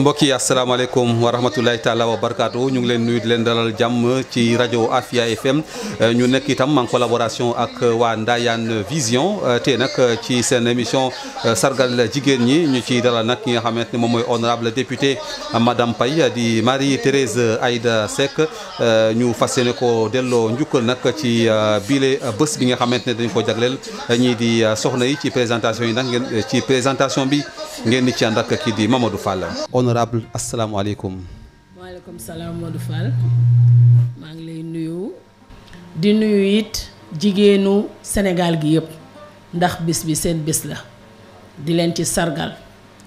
mbokk yi asalaamaaleykum wa rahmatulahi taala wa barakaatu ñu ngi leen nuyu di leen dalal jàmm ci rajo Afia FM ñu nekk itam en collaboration ak waa Ndayane Vision te nag ci seen émission euh, sargal jigéen ñi ñu ci dalal nag ki nga xamante ne moom mooy honorable député madame Paye di Marie-Thérèse Aïda Seck euh, ñu fas yéene ko delloo njukkal nag ci euh, biile bés bi nga xamante ne dañ ko jagleel ñii di soxna yi ci présentation yi nag ngeen ci présentation bi ngeen di ci ànd ak kii di Mamadou Fall honorable asalaamaaleykum. waaleykum salaam Modou Fall maa ngi lay nuyu. di nuyu it jigéenu senegaal gi yépp ndax bis bi seen bis la di leen ci sargal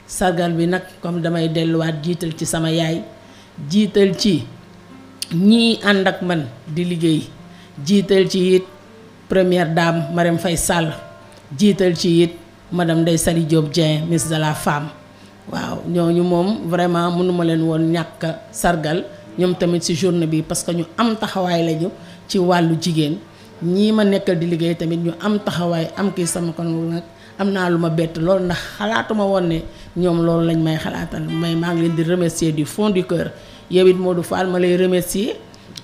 sargal bi nag comme damay delluwaat jiital ci sama yaay jiital ci ñii ànd ak man di liggéey jiital ci it première dame Marème Faye Sall jiital ci it madame Ndeye Saly Diop Dieng ministre de la femme. waaw ñooñu moom vraiment mënuma leen woon ñàkk sargal ñoom tamit ci journée bi parce que ñu am taxawaay lañu ci wàllu jigéen ñii ma nekkal di liggéey tamit ñu am taxawaay am ki sama kon nag am naa lu ma bett lool ndax xalaatuma woon ne ñoom loolu lañ may xalaatal may maa ngi leen di remercier du fond du cœur yow it Modou Fall ma lay remercier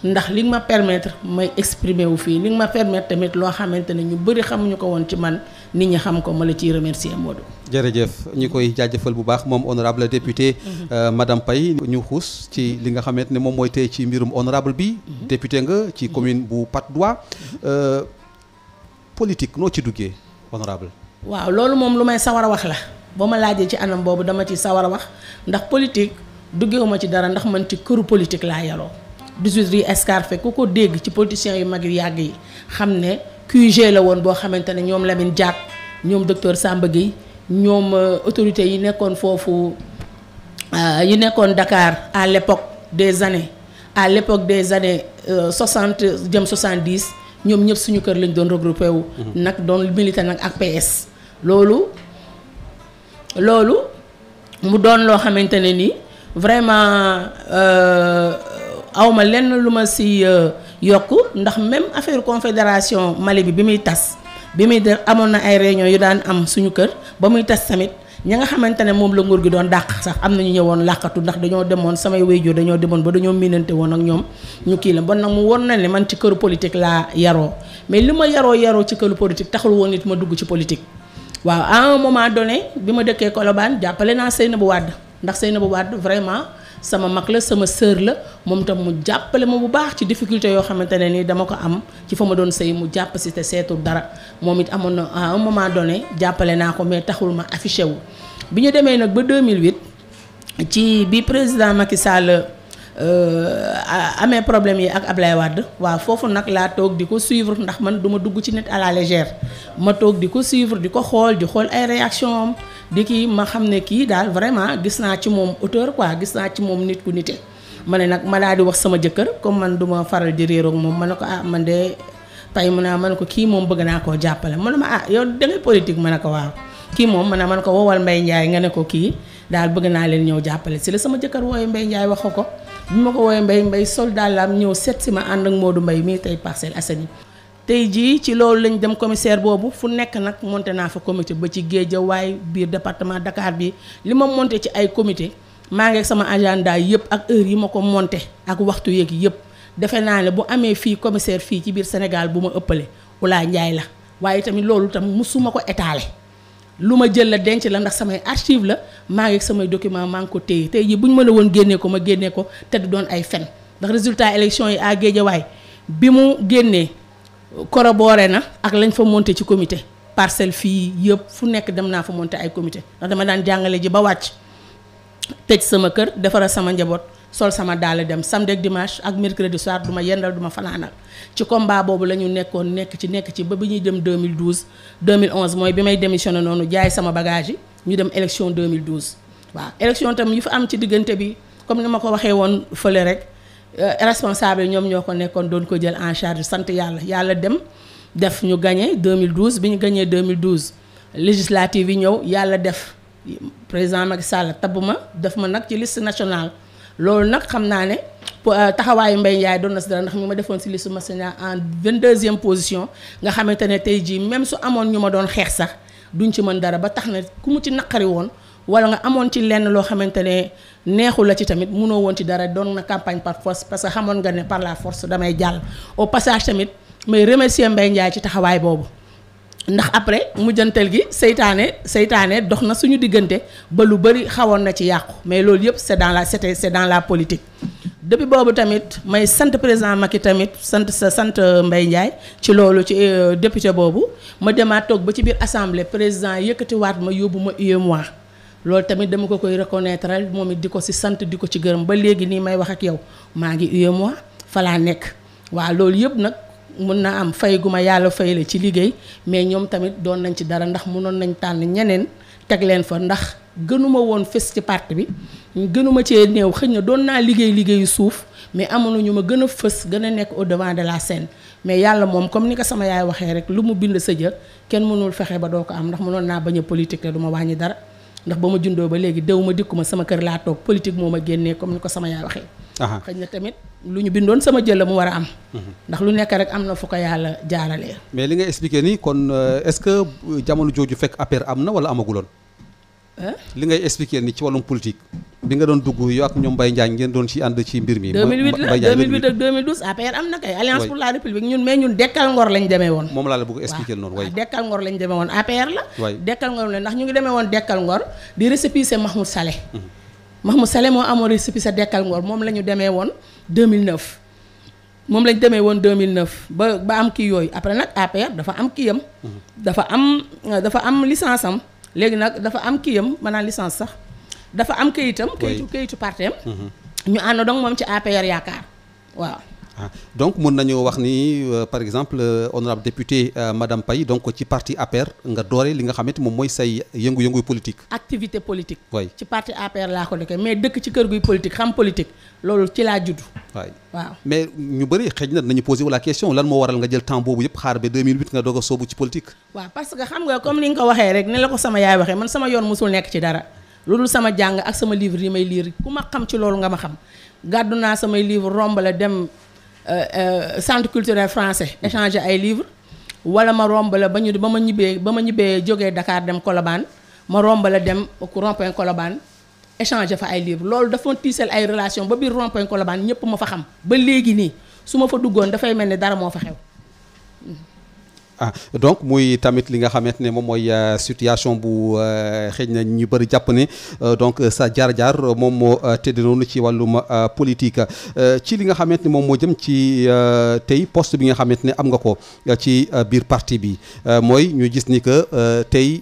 ndax li nga ma permettre may exprimer wu fii li nga ma permettre tamit loo xamante ne ñu bëri xamuñu ko woon ci man nit ñi xam ko ma la ciy remercier Modou. jërëjëf ñu koy jaajëfal bu baax moom honorable député mhm. euh, madame Paye ñu xuus ci li nga xamante ni moom mooy tey ci mbirum honorable bi mhm. député nga ci mhm. commune bu Patte d'Oie euh, politique noo ci duggee honorable waaw loolu moom lu may sawar a wax la ba ma laajee ci anam boobu dama ci sawar a wax ndax politique duggewuma ci dara ndax man ci këru politique laa yaroo 18 rue Escarpe ku ko dégg ci politiciens yu mag yu yàgg yi xam ne QG la woon boo xamante ne ñoom Lamine Diack ñoom docteur Samba Gueye ñoom euh, autorités yi nekkoon foofu euh, yi nekkoon Dakar à l'époque des années à l'époque des années 60 euh, jëm 70 ñoom ñëpp suñu kër lañ doon regroupé wu. Mhm. nag doon milité nag ak PS. loolu loolu mu doon loo xamante ne ni vraiment. awma lenn lu ma si euh, yokk ndax même affaire confédération Mali bi bi muy tas bi muy def amoon na ay réunion yu daan am suñu kër ba muy tas tamit ñi nga xamante ne moom la nguur gi doon dàq sax am na ñu ñëwoon làqatu ndax dañoo demoon samay wéyjur dañoo demoon ba dañoo miinante woon ak ñoom ñu kii la bon nag mu won na ne man ci këru politique laa yaroo mais li ma yaroo yaroo ci këru politique taxul woon nit ma dugg ci politique. waaw à un moment donné bi ma dëkkee Colobane jàppale naa Seynabou Wade ndax Seynabou Wade vraiment. sama mag la sama sœur la moom tam mu jàppale ma bu baax ci difficulté yoo xamante ne nii dama ko am ci fa ma doon sëy mu jàpp si te seetul dara moom it amoon na à un moment donné jàppale naa ko mais taxul ma affiché wu. bi ñu demee nag ba 2008 ci bi président Macky Sall euh, amee problème yi ak Ablaye Wade waaw foofu nag laa toog di ko suivre ndax man duma dugg ci nit à la légère ma toog di ko suivre di ko xool di xool ay réaction di kii ma xam ne kii daal vraiment gis naa ci moom auteur quoi gis naa ci moom nit ku nite. ma ne nag ma daal di wax sama jëkkër comme man du ma faral di réeroog moom ma ne ko ah man de pay mun naa ma ne ko kii moom bëgg naa koo jàppale ma ne ma ah yow dangay politique ma ne ko waaw. kii moom ma ne man ko wowal Mbaye Ndiaye nga ne ko kii daal bëgg naa leen ñëw jàppale si la sama jëkkër wooyee mbay Ndiaye wax ko bu ma ko wooyee mbay mbay soldat la am ñëw seet si ma ànd ak Modou Mbaye mii tey Parcelles Assainies tey jii ci loolu lañ dem commissaire boobu fu nekk nag monté naa fa comité ba ci Guédiawaye biir département Dakar bi li ma monté ci ay comité maa ngi ak sama agenda yëpp ak heure yi ma ko monté ak waxtu yeeg yëpp defe naa ne bu amee fii commissaire fii ci biir Sénégal bu ma ëppale Oula njaay la waaye tamit loolu tam musuma ko étaler lu ma jël la denc la ndax samay archive la maa ngi ak samay document maa ngi ko téye tey jii bu ñu ma la woon génnee ko ma génnee ko te doon ay fen ndax résultat élection yi à bi mu génnee corroboré na ak lañ fa monte ci comité parcelle fii yëpp fu nekk dem naa fa monté ay comité ndax dama daan jàngale ji ba wàcc tëj sama kër defara sama njaboot sol sama daal dem samedi ak dimanche ak mercredi soir duma yendal duma fanaanal ci combat boobu la ñu nekkoon nekk ci nekk ci ba bi ñuy dem mille 2012 2011 mooy bi may démissionné noonu jaay sama bagage yi ñu dem élection 2012 waaw élection tam yi fa am ci diggante bi comme ni ma ko waxee woon fële rek Euh, responsable yi ñoom ñoo ko nekkoon doon ko jël en charge sant yàlla yàlla dem def ñu mille 2012 bi ñu gañee deux gagné 2012 législative yi ñëw yàlla def président Macky Sall tabb ma def ma nag ci list national loolu nag xam naa ne euh, taxawaayu Mbaye Ndiaye doon na si dara ndax ñu ma defoon si liste nationale en vingt e position nga xamante ne tey jii même su amoon ñu ma doon xeex sax duñ ci mën dara ba tax na ku mu ci naqari woon. wala nga amoon ci lenn loo xamante ne neexu ci tamit munoo woon ci dara doon na campagne par force parce que xamoon nga ne par la force damay jàll au passage tamit may remercier Mbaye Ndiaye ci taxawaay boobu ndax après mujjantal gi seytaane seytaane dox na suñu diggante ba lu bari xawoon na ci yàqu mais loolu yëpp c'est dans la c'était c'est dans la politique depuis boobu tamit may sant président Macky tamit sant sa sant euh, Mbaye Ndiaye ci loolu ci euh, député boobu ma demaat ba ci biir assemblée président yëkkatiwaat ma yóbbu ma UEMOA loolu tamit dama ko koy reconnaître moom it di ko si sant di ko ci gërëm ba léegi nii may wax ak yow maa ngi UEMOA fa falaa nekk waaw loolu yëpp nag mun naa am fay gu ma yàlla fay la ci liggéey mais ñoom tamit doon nañ ci dara ndax munoon nañ tànn ñeneen teg leen fa ndax gënuma woon fës ci parti bi gënuma cee néew xëy na doon naa liggéey liggéeyu suuf mais amoon ñu ma gën a fës gën a nekk au devant de la scène mais yàlla moom comme ni ko sama yaay waxee rek lu mu bind sa jër kenn mënul fexe ba doo ko am ndax munoon naa bañ a politique du ma wàññi dara ndax ba ma jundoo ba léegi dew ma dikkuma sama kër laa toog politique moo ma génne comme ni ko sama yaay waxee xëy na tamit lu ñu bindoon sama jël la mu war a am mhm. ndax lu nekk rek am na fu ko yàlla jaaralee mais li nga expliqué nii kon euh, est-ce que euh, jamono jooju fekk affaire am na wala amaguloon li ngay expliquer ni ci wàllum politique bi nga doon dugg yow ak ñoom Mbaye Ndiagne ngeen doon ci ànd ci mbir mi 2008 la 2008 ak 2012 APR am na kay alliance pour la république ñun mais ñun dekkal ngor lañ demee woon moom laa la bëgg expliquer noonu waay ah, dekkal ngor lañ demee woon APR la waay dekkal ngor la ndax ñu ngi demee woon dekkal ngor di récépissé Mahmoud Saleh mhm. Mahmoud Saleh moo amoon récépissé dekkal ngor moom la ñu demee woon 2009 moom lañ demee woon 2009 ba ba am kii yooyu après nag APR dafa am kii yam mhm. dafa am dafa am licence am léegi nag dafa am kiyam maanaam licence sax dafa am kayitam. kayitu kayitu partem mhm. ñu ànd donc moom ci APR yaakaar waaw. Ah. donc mun nañu wax ni euh, par exemple euh, honorable député euh, madame Paye donc ci parti APR nga doore li nga xamante moom mooy say yëngu-yëngu politique. activité politique. waay ci parti APR laa ko nekkee mais dëkk ci kër guy politique xam politique loolu ci laa judd. waay waaw mais ñu bëri xëj na nañu posé wu la question lan moo waral nga jël temps boobu yëpp xaar ba 2008 nga doog a soobu ci politique. waaw parce que xam nga comme ni nga waxee rek ni la ko ak sama livre yi may lire ku ma xam ci loolu nga ma xam Euh, euh, centre culturel français échanger ay livres wala ma romb la ba ñu ba ma ñibbee ba ma ñibbee jóge Dakar dem Colobane ma romb la dem rond-point Colobane échanger fa ay livres loolu dafa tiisal ay relation ba biir rond-point Colobane ñëpp ma fa xam ba léegi nii su ma fa duggoon dafay mel ni dara moo fa xew. ah donc muy tamit li nga xamante ne moom mooy euh, situation bu euh, xëy na ñu bëri jàpp ne euh, donc sa jaar-jaar moom moo tëdd noonu ci wàllum politique ci li nga xamante ne moom moo jëm ci tey poste bi nga xamante ne am nga ko ci biir partie bi mooy ñu gis ni que tey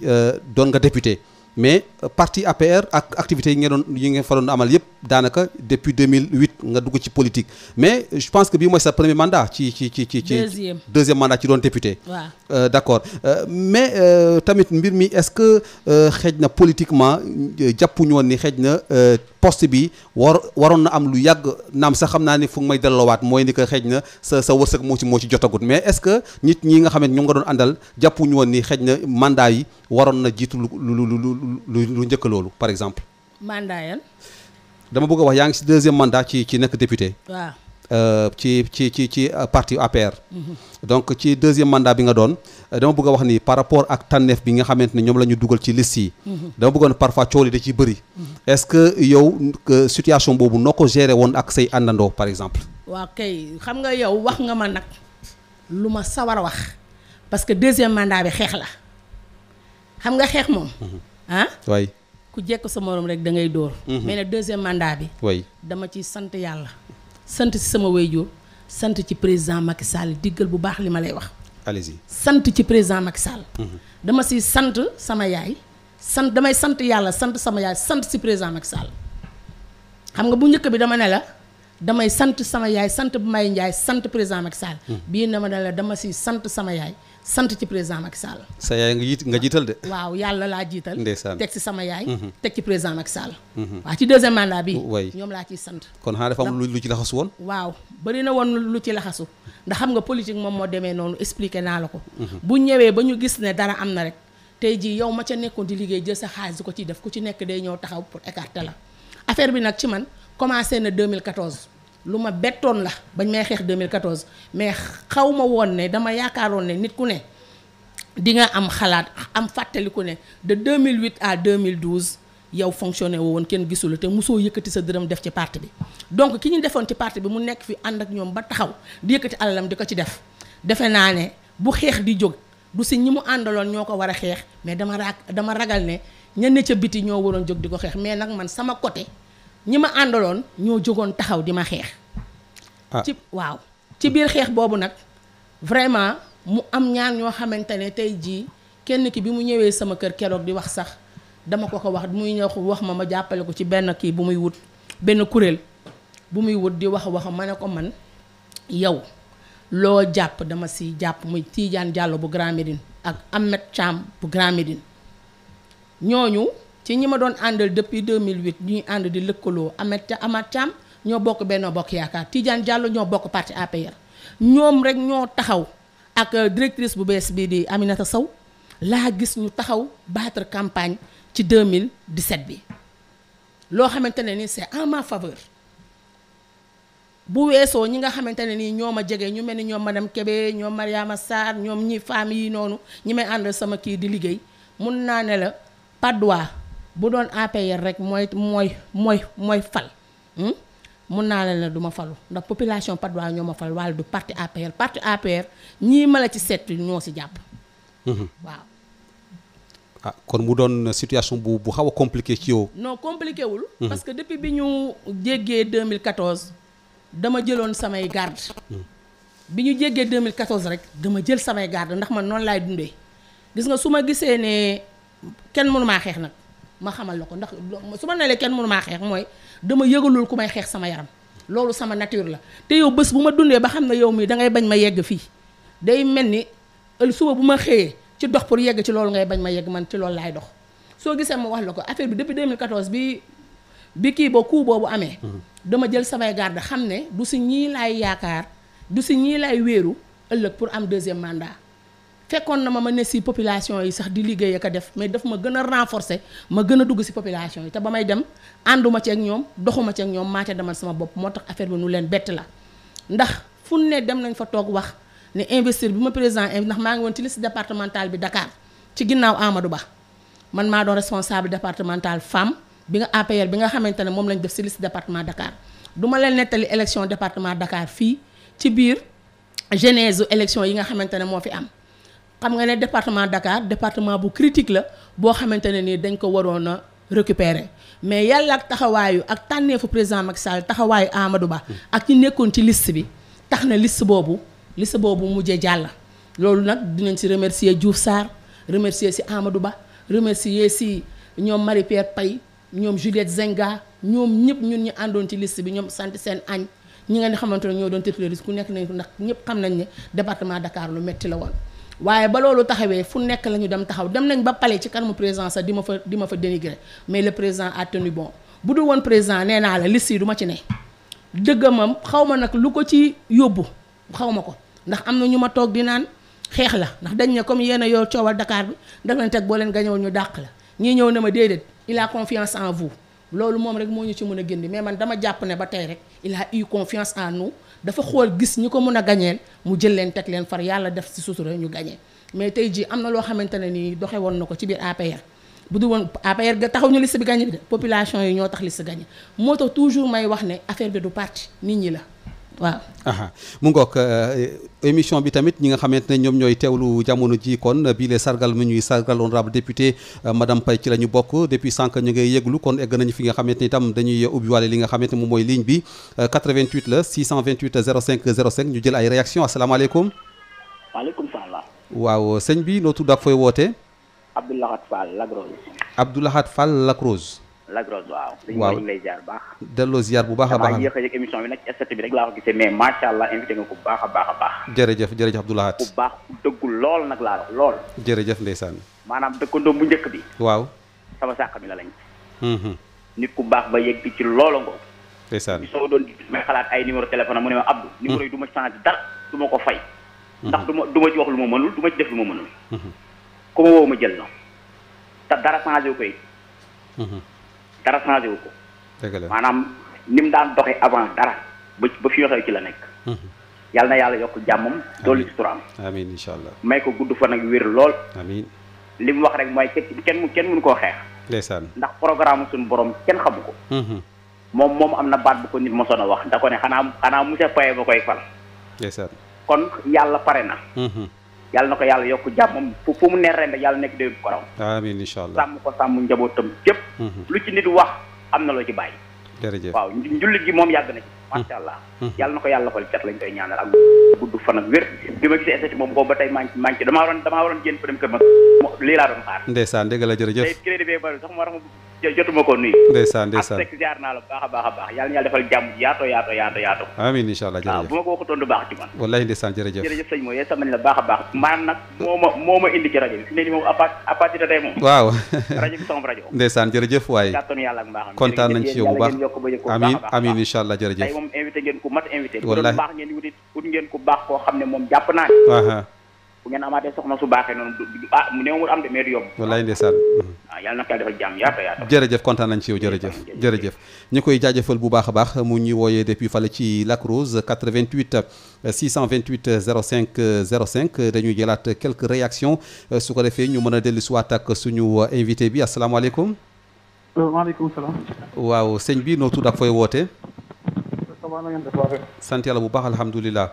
doon nga député. mais parti APR ak activités yi ngeen doon yi ngeen faroon amal yëpp daanaka depuis 2008 nga dugg ci politique mais je pense que bii mooy sa premier mandat ci ci ci ci ci deuxième mandat ci doon député waaw euh, d' accord euh, mais euh, tamit mbir mi est ce que xeej na politiquement jàppuñu woon ni xeej na poste bi waroon na am lu yàgg naam sax xam naa ni fu may delloowaat mooy ni ko xëj na sa sa wërsëg moo ci moo ci jotagut mais est-ce que nit ñi nga xam ne ñu nga doon àndal jàppuñu woon ni xëj na mandat yi waroon na jiitu lu lu lu lu lu njëkk loolu par exemple. mandat dama bëgg a wax yaa ngi ci deuxième mandat ci ci nekk député. waaw euh, ci ci ci ci euh, parti APR. Mm-hmm. donc ci deuxième mandat bi nga doon euh, dama bëgg a wax ni par rapport ak tànneef bi nga xamante ne ñoom la ñu dugal ci liste yi mhm. dama bëggoon parfois coow li da ciy bëri mhm. est-ce que yow situation boobu noo ko géré woon ak say àndandoo par exemple waa kay xam nga yow wax nga ma nag lu ma sawar a wax parce que deuxième mandat bi xeex la xam nga xeex moom mhm. ah waay ku jekk sa morom rek da ngay dóor mais ne deuxième mandat bi waay dama ci sant yàlla sant si sama waajur sant ci président Macky Sall diggal bu baax li ma lay wax. allez-y sant ci président Macky Sall. Mhm. dama si sant sama yaay. sant damay sant yàlla sant sama yaay sant si président Macky Sall. xam nga bu njëkk bi dama ne la. damay sant sama yaay sant May Ndiaye sant président Macky Sall. Hmm. bii na ma ne la dama si sant sama yaay sant ci président Macky Sall. sa yaay nga jiit nga jiital de. waaw yàlla laa jiital. ndeysaan teg si sama yaay. Hmm. teg ci président Macky Sall. Hmm. waa ci deuxième mandat bi. waay ñoom laa ciy sant. kon xanaa dafa am lu ci laxasu woon. waaw bëri na woon lu ci laxasu ndax xam nga politique moom moo demee noonu expliqué naa la ko. bu ñëwee ba ñu gis ne dara am na rek. tey jii yow ma ca nekkoon di liggéey jël sa xaalis ko ciy def ku ci nekk day ñëw taxaw pour écarter la affaire bi nag ci man. commencé na 2014 lu ma bettoon la bañ may xeex 2014 mais xaw ma woon ne dama yaakaaroon ne nit ku ne di nga am xalaat am fàttaliku ne de 2008 à 2012 yow fonctionné woo woon kenn gisula te musoo yëkkati sa dërëm def ci parti bi donc ki ñu defoon ci parti bi mu nekk fi ànd ak ñoom ba taxaw di yëkkati alalam di ko ci def defe naa ne bu xeex di jóg du si ñi mu àndaloon ñoo ko war a xeex mais dama ra dama ragal ne ña ca biti ñoo waroon jóg di ko xeex mais nag man sama côté ñi ma àndaloon ñoo jógoon taxaw di ma xeex. Ah. ci waaw ci biir xeex boobu nag vraiment mu am ñaar ñoo xamante ne tey jii kenn ki bi mu ñëwee sama kër keroog di wax sax dama ko ko wax muy ñëw wax ma ma jàppale ko ci benn kii bu muy wut benn kuréel bu muy wut di wax wax ma ne ko man yow loo jàpp dama si jàpp muy Tidiane Diallo bu Grand Médine ak Ahmed Thiam bu Grand Médine ñooñu. ci ñi ma doon àndal depuis mille 2008 ñuy ànd di lëkkaloo Amet Amath ñoo bokk Benno Bokk Yaakaar Tidiane Diallo ñoo bokk parti APR ñoom rek ñoo taxaw ak euh, directrice bu bees bii di Aminata Sow laa gis ñu taxaw battre campagne ci mille di 2017 bi loo xamante ne ni c'est en ma faveur bu weesoo ñi nga xamante ne nii ñoo ma jege ñu mel ni ñoom madame Kébé ñoom Mariama Sarr ñoom ñi femmes yi noonu ñi may àndal sama kii di liggéey mun naa ne la Padois bu doon APR rek mooy mooy mooy mooy fal hmm? mun naa leen ne duma ma falu ndax population Patte d'Oie ñoo ma fal walla du parti APR parti APR ñii ma la ci seet ñoo si jàpp. Hmm. waaw. ah kon mu doon situation bu bu xaw a compliqué ci yow. noo compliqué wul. Hmm. parce que depuis bi ñu jéggee 2014 dama jëloon samay garde bi ñu jéggee 2014 rek dama jël samay garde ndax man noonu laay dundee gis nga su ma gisee ne kenn mënumaa xeex nag. ma xamal la ko ndax su ma nelee kenn mënu maa xeex mooy dama yëgalul ku may xeex sama yaram loolu sama nature la te yow bés bu ma dundee ba xam ne yow mii dangay bañ ma yegg fii day mel ni suba bu ma xëyee ci dox pour yegg ci loolu ngay bañ ma yegg man ci loolu laay dox soo gisee ma wax ko affaire bi depuis 2014 bi bi kii boo kuu boobu amee mhm. dama jël samay garde xam ne du si ñii laay yaakaar du si ñii laay wéeru ëllëg pour am deuxième mandat fekkoon na ma ma ne si population yi sax di liggéey ak def mais daf ma gën a renforcer ma gën a dugg si population yi te ba may dem ànduma ci ak ñoom doxuma ci ak ñoom maa ca demal sama bopp moo tax affaire bi nu leen bett la ndax fu ne dem nañ fa toog wax ne investir bi ma président ndax maa ngi woon ci liste départementale bi Dakar ci ginnaaw Amadou Ba man maa doon responsable départemental femme bi nga APR bi nga xamante ne moom lañ def si département Dakar du ma leen nettali élection département Dakar fii ci biir genèse élection yi nga xamante ne moo fi am xam nga ne département Dakar département bu critique la boo xamante ne nii dañ ko waroon a récupérer mais yàlla ak taxawaayu ak tànneefu président Macky Sall taxawaayu Amadou Ba ak ñi nekkoon ci list bi tax na list boobu liste boobu mujjee jàll loolu nag dinañ si remercier Diouf Sarr remercier si Amadou Ba remercier si ñoom Marie Pierre Paye ñoom Juliette Zenga ñoom ñëpp ñun ñu àndoon ci liste bi ñoom sant seen añ ñi nga xamante ne ñoo doon titulaire ku nekk nañ ndax ñëpp xam nañ ne département Dakar lu metti la woon waaye ba loolu taxawee fu nekk la ñu dem taxaw dem nañ ba palais ci kanamu président sax di ma fa di ma fa dénigré mais le président a tenu bon bu dul woon président nee naa la liste yi du ma ci ne dëggamam xaw ma nag lu ko ci yóbbu xaw ma ko ndax am na ñu ma toog di naan xeex la ndax dañ ne comme yéen yow yor coowal Dakar bi daf leen teg boo leen gañewul ñu dàq la ñii ñëw na ma déedéet il a confiance en vous loolu moom rek moo ñu ci mën a génn mais man dama jàpp ne ba tey rek il a eu confiance dafa xool gis ñi ko mun a gañeel mu jël leen teg leen far yàlla def si sutura ñu gañee mais tey jii am na loo xamante ne nii doxe woon na ko ci biir APR bu du woon APR ga taxaw ñu liste bi gagné de population yi ñoo tax liste gagné moo tax toujours may wax ne affaire bi du parti nit ñi la waaw mu ngook euh, émission bi tamit ñi nga xamante ne ñoom ñooy teewlu jamono ji kon bii lee sargal mi ñuy sargal honorable député euh, madame Paye ci la ñu bokk depuis sànq ñu ngay yëglu kon egg nañu fi nga xamante ni itam dañuy ubbiwaale li nga xamante ne moom mooy ligne bi 88 euh, la 628 05 05 ñu jël ay réaction asalaamaaleykum waaleykum salaam waaw sëñ bi noo tudd ak fooy wootee Abdoulahat Fall Lac Rose Abdoulahat Fall Lac Lac Rose waaw. waaw ñu ngi lay ziar bu baax. delloo ziar bu baax a baax damaa yéex a yëg émission bi nag ci bi rek laa ko gisee mais macha allah baax a baax a baax. jërëjëf jërëjëf bu baax ku dëggul lool nag laa lool. jërëjëf ndeysaan. maanaam dëkkandoo bu njëkk bi. waaw. sama sàq mi la lañ. Mm-hmm. nit ku baax ba yegg ci loola ngoo. ndeysaan soo doon may xalaat ay numéro téléphone mu ne ma Abdou. Mm-hmm. numéro yi du ma di dara du ma ko fay. Mm-hmm. ndax du ma du ma ci wax ma mënul du ma ci def lu ma mënul. woo ma jël na te dara changé dara changé wu ko. dëgg la maanaam ni mu daan doxee avant dara ba ba fi waxee ci la nekk. Mhm. yàlla na yàlla yokk jàmmam. dolli suturaam. amiin incha allah may ko gudd fan ak wér lool. amiin li mu wax rek mooy kenn kenn mënu koo xeex. ndeysaan ndax programme suñu borom kenn xamu ko. Mhm. moom moom am na baat bu ko nit mosoon a wax da ko ne xanaa xanaa monsieur Paye ba koy fal. ndeysaan kon yàlla pare na. Mhm. yàlla na ko yàlla yokk jàmmam fu fu mu ne ren rek yàlla nekk déwén bu ko raw. amiin incha allah sàmm ko sàmm njabootam gépp mhm. lu ci nit wax am na loo ci bàyyi. jërëjëf waaw njullit gi moom yàgg na ci. Mhm. macha allah mhm. yàlla na ko yàlla fal lañ koy ñaanal ak gudd fan wér bi ma gisee estati moom boobu ba tey maa ci damaa waroon damaa waroon génn fa dem kër ma lii laa doon xaar. ndeysaan dégg la jërëjëf tey a jotuma ko nuyu. ndeysaan ndeysaan ak jaar naa la bu baax a a allah jërëjëf waaw bu ma a baax. maanaam nag moo waaye kàttanu nañ ci yow baax amiin amiin allah jërëjëf tey moom invité ngeen ku mat invité. wallaahi baax ngeen wuti ut ngeen ku baax koo xam ne moom jàpp naa bu ngeen amaatee soxna su baaxee noonu du ah mu néew mu am de mais ah, jërëjëf kontaan nañ ci yow jërëjëf jërëjëf ñu koy jaajëfal bu baax a baax mu ñuy wooyee depuis fale ci Lac Rose euh, zéro 628 zéro cinq dañuy jëlaat quelques réactions euh, su ko defee ñu mën a dellu siwaat takk suñu invité bi asalaamaaleykum. maaleykum waaw sëñ bi noo tudd ak fooy woote. sant yàlla bu baax alhamdulilah.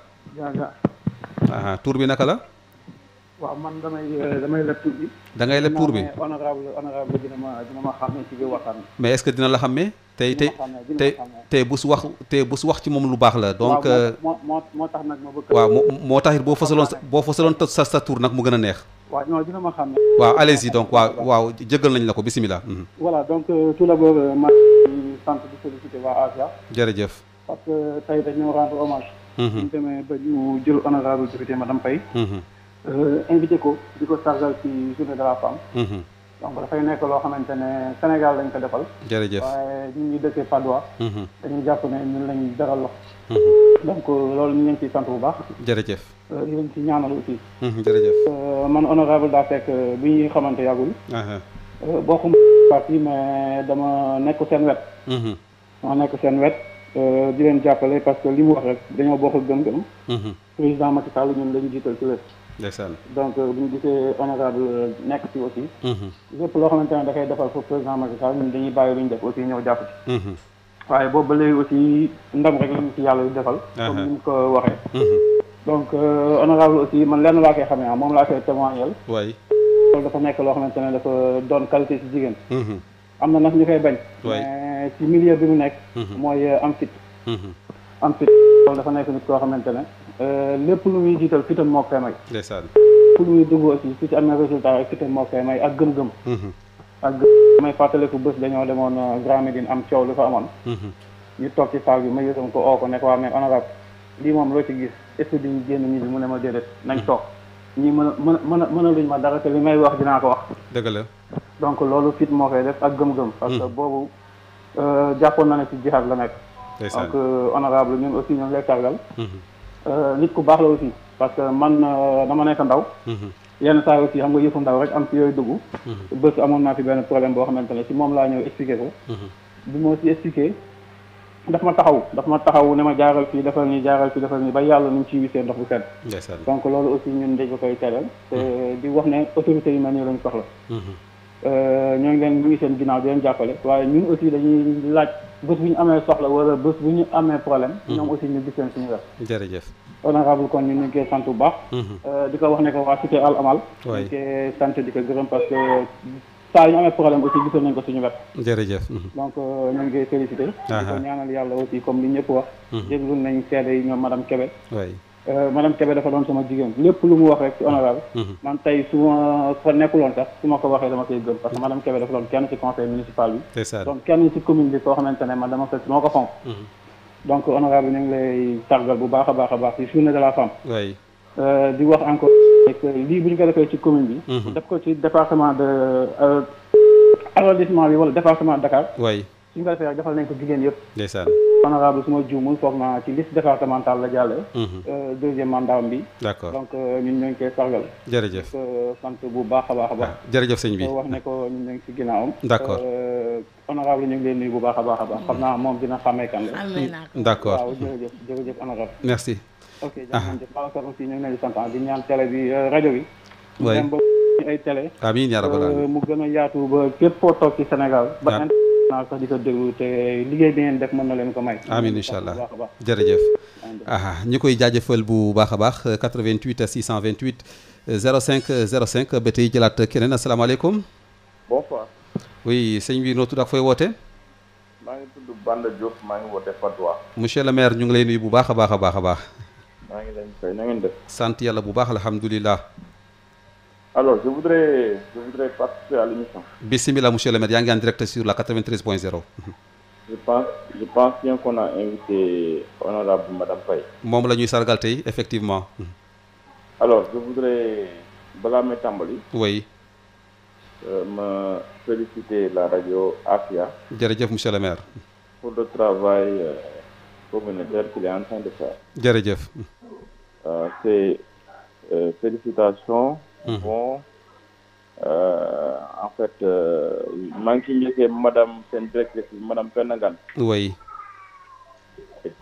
tour bi naka la. waaw man damay euh, damay leb tur bi. da ngay leb tur bi honorable honorable mais est-ce dina la xàmmee. tey tey tey tey bu su wax tey bu su wax ci moom lu baax la. donc euh, moo moo tax nag ma bëgg. waaw moo tax it boo fasaloon boo fasaloon sa sa tour nag mu gën a neex. waaw non dina ma xàmmee. waaw allez-y donc waaw waaw jëggal nañ la ko bisimilah. Mhm. voilà donc euh, tout d'abord maa ngi sant di waa Asia. jërëjëf. parce que tey dañoo rendre hommage. Mhm. ñu demee ba ñu jël honorable député madame Faye. Mhm. Euh, invité ko di ko sargal ci journée de la femme. Mhm. donc dafay nekk loo xamante ne Sénégal lañ ko defal. jërëjëf waaye ñu ñu dëkkee Padois. dañuy mhm. jàpp ne ñun lañ jaral loxo. Mhm. donc euh, loolu ñu ngi ciy sant bu baax. jërëjëf. ñu euh, ngi ci ñaanal aussi. jërëjëf. man honorable daa fekk bi ñuy xamante yàggul. bokkuma parti mais dama nekk seen wet. ma nekk seen wet. di leen jàppale parce que li mu wax rek dañoo bokk gëm-gëm. président Macky Sall ñun lañu jiital ci lépp. donc euh, bu ñu gisee honorable euh, nekk ci aussi mhm. lépp loo xamante ne dafay defal foofu président Macky Sall ñun dañuy bàyyi lu ñu def aussi ñëw jàpp ci mhm. waaye boobu ba léegi aussi ndam rek lañu ci yàlla yu defal comme ni mu ko waxee mhm. donc euh, honorable aussi man lenn laa koy ne ah moom laa koy témoignel waay loolu dafa nekk loo xamante ne dafa doon qualité ci jigéen am na nag ñu koy bañ mais ci milieu bi mu nekk mooy am fit am fit loolu dafa nekk nit koo xamante ne Euh, lépp lu muy jiital fitam moo koy may. ndeysaan. lépp lu muy dugg aussi su ci amee résultat rek fitam moo koy may ak gëm-gëm. Mm-hmm. ak gëm may fàttaliku bés dañoo demoon euh, Grand Médine am coow lu fa amoon. Mm-hmm. ñu toog ci saal bi ma yësam ko oo ko nekk waa mais honorable lii moom loo ci gis est génn ñi bi mu ne ma déedéet nañ mm-hmm. toog ñi mën a mën a mën a luñ ma dara te li may wax dinaa ko wax. dëgg la. donc loolu fit moo koy def ak gëm-gëm. parce que boobu euh, jàppoon na ne ci jihaad la nekk. donc honorable ñun aussi ñoom lay Euh, nit ku baax la aussi parce que man euh, dama nekk ndaw. Mhm. yenn saa aussi xam nga yëfu ndaw rek am ci yooyu dugg. Mhm. bés amoon naa fi benn problème boo xamante ne ci moom laa ñëw expliqué ko. Mhm. bi ma ci expliqué daf ma taxaw daf ma taxaw ne ma jaaral fii dafa nii jaaral fii defal nii ba yàlla nu mu ciy wisee ndox bu sedd. donc loolu aussi ñun dañ ko koy teral. te di wax ne autorités yu mel nii lañ soxla. Euh, ñoo ngi leen ñu ngi seen ginnaaw di leen jàppale waaye ñun aussi dañuy laaj bés bu ñu amee soxla wala bés bu ñu amee problème mhm. ñoom aussi ñu gis leen suñu wet jërëjëf honorable kon ñu ngi sant bu baax mhm. euh, di ko wax ne ko waa cité di ko gërëm parce que saa yu ñu amee problème aussi gisoon nañ ko suñu wet jërëjëf mhm. donc euh, ñu ngi koy félicité di ko ñaanal yàlla aussi comme li ñëpp wax déglu nañ seede yi ñoom madame Kébé Euh, madame Kébé dafa doon sama jigéen lépp lu mu wax rek ci honorable mhm. man tey su ma fa nekkuloon sax su ma ko waxee dama koy gëm parce que madame Kébé dafa doon kenn ci conseil municipal bi donc kenn ci commune bi mhm. ñu lay sargal bu baax a baax a baax ci journée de la femme euh, di wax encore lii bu ñu ko defee ci commune bi mhm. def ko ci département de euh, arrondissement bi wala département Dakar suñu ko defee rek defal nañ ko jigéen yëpp. ndeysaan. honorable su ma foog naa ci liste départementale la jàlle. Mhm. Euh, deuxième mandat bi. d' accord donc euh, ñun ñoo ngi koy sargal. jërëjëf euh, sant bu baax a baax a baax. Ah, jërëjëf bi wax ne ko ñun ñoo ngi si ginnaawam. d' accord honorable ñu ngi leen nuyu bu baax a baax a baax. xam naa moom dina xàmmee kan la. amee naa ko d' accord waaw jërëjëf jërëjëf honorable. merci. ok jërëjëf ah. Babacar aussi ñu ngi leen di sant ah, di ñaan télé bi rajo bi. ba ay télé. amiin mu gën a yaatu ba képp toog ci Sénégal. naa sax ko déglu te liggéey bi ngeen def mën na leen ko may amin incha allah jërëjëf aha ñi koy jaajëfal bu baax a baax 88 628 05 05 ba tey jëlaat keneen asalaamaaleykum bonsoir oui sëñ bi noo tudd ak fooy woote maa ngi tudd Banda Diop maa ngi woote Padois monsieur le maire ñu ngi lay nuyu bu baax a baax a baax a baax maa ngi leen fay na sant yàlla bu baax alhamdulilah alors je voudrais je voudrais participer à l'émission. bisimilah monsieur le maire yaa ngi en direct sur la 93 point 0. je pense je pense bien qu'on a invité honorable madame Faye. moom la ñuy sargal tey effectivement. alors je voudrais balaa may tàmbali. oui. Euh, féliciter la radio Afia. jërëjëf monsieur le maire. pour le travail euh, communautaire qu'il est en train de faire. jërëjëf. Euh, c'est félicitations. Mmh. bon euh, en fait euh, maa ngi ciy njëkkee madame seen directrice bi madame Penangan. oui. et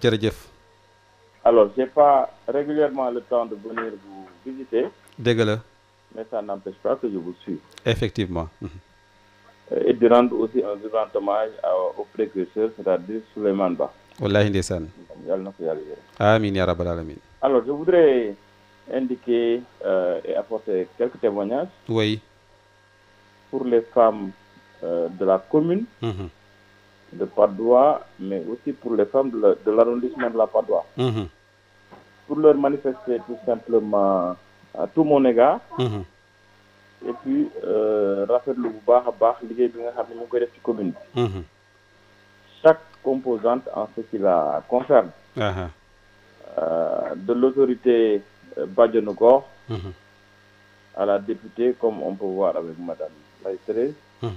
jërëjëf. alors j'ai pas régulièrement le temps de venir vous visiter. dëgg la. mais ça n'empêche pas que je vous suive. effectivement. Mmh. Euh, et de rendre aussi un grand hommage au précurseur c'est-à-dire Souleymane Ba. wallaahi ndeysaan. yàlla na ko yàlla yërëm. alors je voudrais. indiqué euh, et apporté quelques témoignages. Pour les femmes euh, de la commune, mmh. de Padoua, mais aussi pour les femmes de l'arrondissement de la Padoua. Mmh. Pour leur manifester tout simplement à tout mon égard. Mm-hmm. et puis euh, rafetlu bu baax a baax liggéey bi nga xam ne mu commune mm-hmm. chaque composante en ce qui la concerne. Uh-huh. Euh, de l'autorité bàjjenu gox mm-hmm. à la députée comme on peut voir avec madame Maï mm-hmm.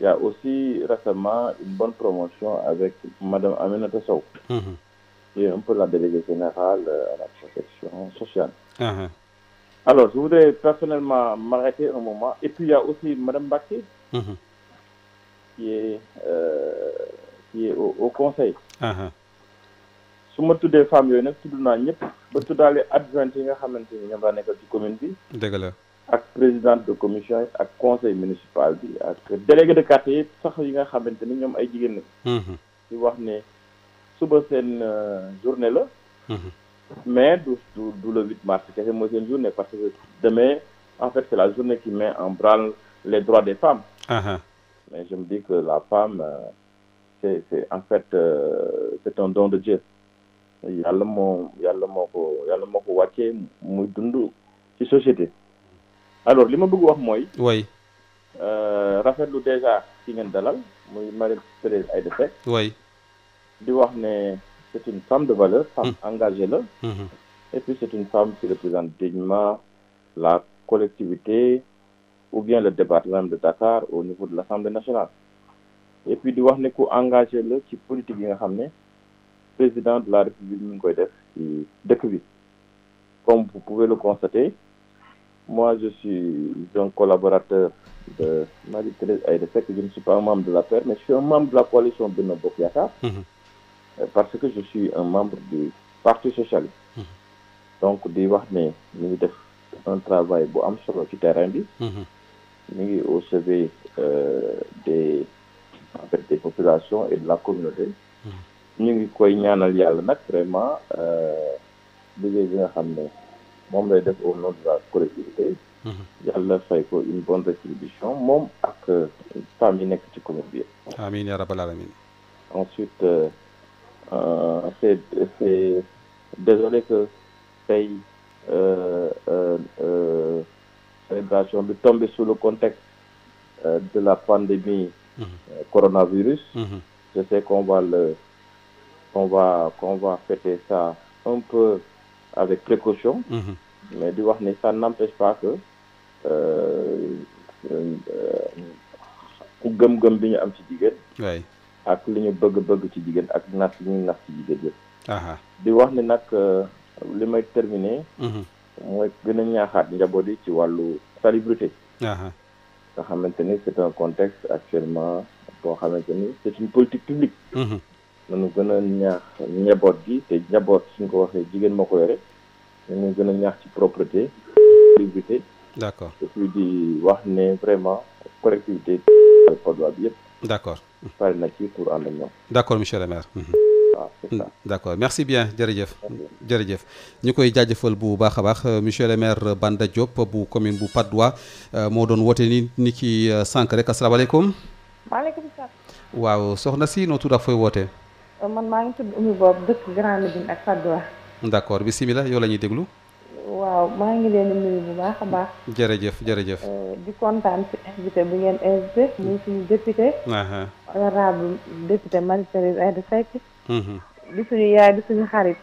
il y a aussi récemment une bonne promotion avec madame Aminata Sow qui mm-hmm. est un la déléguée générale euh, à la protection sociale uh-huh. je voudrais personnellement m'arrêter un moment et puis il y a aussi madame Baké euh, qui est au, conseil uh-huh. su ma tuddee femmes yooyu nag tudd naa ñëpp ba tuddaale adjointe yi nga xamante ni ñoom laa nekkal ci commune bi. dëgg la ak présidente de commission ak conseil municipal bi ak délégué de quartier yi sax yi nga xamante ni ñoom ay jigéen la. Mm-hmm. di wax ne suba seen euh, journée la. Mm-hmm. mais du du du le 8 mars kese mooy seen journée parce que demain en fait c'est la journée qui met en branle les droits des femmes. Uh-huh. mais je me dis que la femme euh, c'est c'est en fait euh, c'est un don de yàlla moo yàlla moo ko yàlla moo ko wàccee muy dund ci société alors li ma bëgg wax mooy way euh, rafetlu déjà ci ngeen dalal muy Marie Thérèse Aïda Seck way di wax ne c'est une femme de valeur femme engagé la et c'est une femme qui représente dignement la collectivité ou bien le département de Dakar au niveau de l'Assemblée nationale et puis di wax ne ku engagé la ci politique yi nga xam ne président de la république mi ngi koy def dëkk bi comme vous pouvez le constater moi je suis un collaborateur de Marie-Thérèse Aïda Seck je ne suis pas un membre de l'APR mais je suis un membre de la coalition Benno Bokk Yakaar mm-hmm. euh, parce que je suis un membre du parti socialiste mm-hmm. donc di wax ne ñu ngi def un travail bu am solo ci terrain bi mm-hmm. ñu ngi au chevet euh, des en des populations et de la communauté ñu ngi koy ñaanal yàlla nag vraiment euh, liggéey bi nga xam ne moom lay def au nom de la collectivité. Mm-hmm. yàlla fay une bonne rétribution moom ak euh, femmes yi nekk ci commune bi yëpp. amiin yaa rabbal aalamiin. ensuite euh, c' désolé que tey célébration bi tombé sous le contexte de la pandémie. Mm-hmm. coronavirus. Mm-hmm. je sais qu'on va le qu'on va qu'on va fêter sa un peu avec précaution. Mhm. mais di wax ni ça n'empêche pas que euh, euh, euh, gëm-gëm bi ñu am ci jigéen. ak li ñu bëgg-bëgg ci jigéen ak nas li ñu nas ci jigéen di wax ni nag li may terminer. Mhm. mooy gën a ñaaxaat njaboot yi ci wàllu salubrité. nga xamante ni c'est un contexte actuellement boo xamante ni c'est une politique publique. Mhm. nañu gën a ñaax njaboot gi te njaboot suñ ko waxee jigéen moo ko yore nañu gën a ñaax ci propreté sécurité d'accord et wax ne vraiment collectivité yëpp d'accord pare na ci pour ànd ak ñoom d'accord monsieur le maire mhm. d'accord merci bien jërëjëf jërëjëf ñu koy jaajëfal bu baax a baax euh, monsieur le maire Banda Diop bu commune bu Patte d'Oie euh, moo doon woote ni ni ki euh, sànq rek asalaamaaleykum waaleykum waaw soxna si noo tudd fooy woote man maa ngi tudd Oumy Bob dëkk Grand Médine ak Patte d'Oie. d'accord bisimilah yow la ñuy déglu. waaw maa ngi leen di nuyu bu baax a baax. jërëjëf jërëjëf. Euh, di kontaan ci invité bu ngeen invité mm-hmm. muy suñu député. Uh-huh. honorable député Marie Thérèse Aïda Seck. Mm-hmm. di suñu yaay di suñu xarit.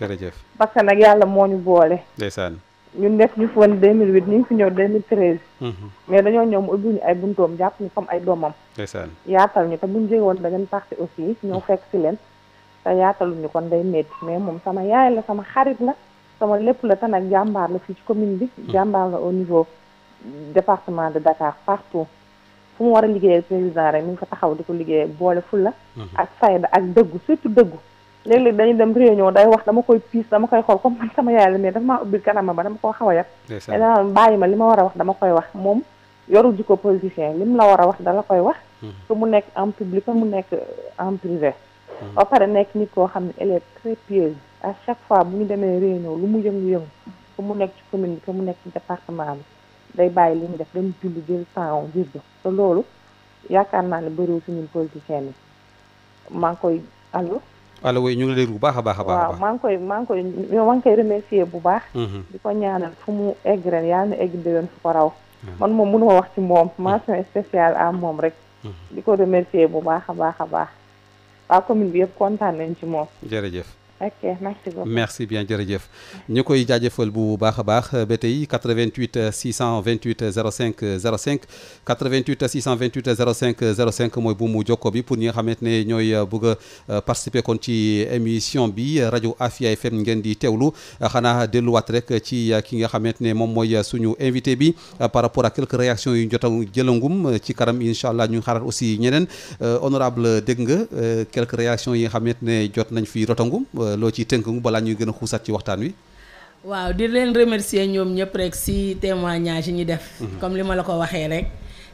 jërëjëf parce que nag yàlla moo ñu boole. ndeysaan. ñun def ñu fi woon 2008 ñu ngi fi ñëw 2013. Mhm. mais dañoo ñëw mu ubbi ñu ay buntoom jàpp ñu comme ay doomam. ndeysaan yaatal ñu te buñ jógee woon beneen parti aussi ñoo mhm. fekk si leen. te yaataluñu kon day métti mais moom sama yaay la sama xarit la sama lépp la te nag jàmbaar la fii ci commune bi. Mhm. jàmbaar la au niveau département de Dakar partout. fu mu war a liggéeyal président rek ñu ngi ko taxaw di ko liggéeyal boole la ak fayda ak dëggu surtout dëggu. léeg-léeg dañuy dem réunion day wax dama koy piis dama koy xool comme man sama yaay la mais dafa maa ubbil kanam ba dama koo xaw a yàq bàyyi ma li ma war a wax dama koy wax moom yoru jikko politicien li mu la war a wax dala koy wax que hmm. mu nekk en public ka mu nekk euh, en privé hmm. ba pare nekk nit koo xam ne elle est très pieuse à chaque fois bu ñu demee réunion lu mu yëngu-yëngu que mu nekk ci commune bi que mu nekk ci département bi day bàyyi li ñu def dem julli jël temps virdu te loolu yaakaar naa ne bëriwul si ñun politiciens maa ngi koy allo ala woy ñu ngi lay bu baax a baax a baax waaw maa ngi koy maa koy remercier bu baax mm-hmm. di ko ñaanal fu mu egg ren yàlla na egg raw mm-hmm. man moom mënu ma wax ci moom mention mm-hmm. spéciale à moom rek di ko remercier bu baax a baax a baax waa commune bi yëpp kontaan nañ ci moom jërëjëf ok merci merci bien jërëjëf ñu koy jaajëfal bu baax a baax euh, ba tey 88 628 05 05 88 628 05 05 mooy bu mu jokko bi pour nga xamante ne ñooy euh, bëgg a euh, participer kon ci émission bi rajo Afia FM ngeen di teewlu xanaa delluwaat rek ci ki nga xamante ne moom mooy suñu invité bi par rapport ak quelques réactions yu jot jëlangum ci kanam incha allah ñu xaaral aussi ñeneen honorable dégg nga quelques réactions yi nga xamante ne jot nañ fi rotangum. Euh, loo ciy tënk mu balaa ñuy gën a xuusaat ci waxtaan wi. waaw di leen remercier ñoom ñëpp rek si témoignage yi ñu def. Mhm. comme li ma la ko waxee rek.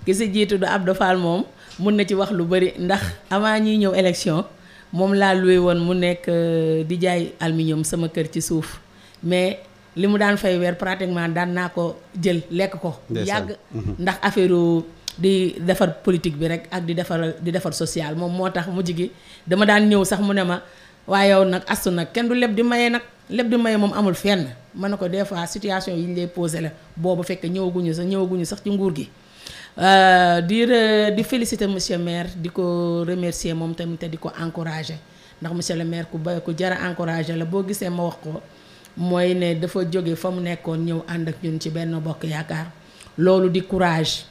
ki si jiitu du ab Fall moom mun na ci wax lu bëri ndax avant ñuy ñëw élection moom laa loué woon mu nekk euh, di jaay aluminium sama kër ci suuf mais li mu daan fay weer pratiquement daan naa ko jël lekk ko. yàgg mhm. ndax affaire di defar politique bi rek ak di defar di social moom moo tax mujj gi dama daan ñëw sax mu ne ma. waaye yow nag astu nag kenn du leb di maye nag leb di maye moom amul fenn mën na ko des fois situation yi ñu lay posé la boobu fekk ñëwaguñu sax ñëwaguñu sax ci nguur gi. Euh, di di féliciter monsieur maire di ko remercier moom tamit te di ko encourager ndax monsieur le maire ku ba ku jara encourager la boo gisee ma wax ko mooy ne dafa jóge fa mu nekkoon ñëw ànd ak ñun ci benn bokk yaakaar loolu di courage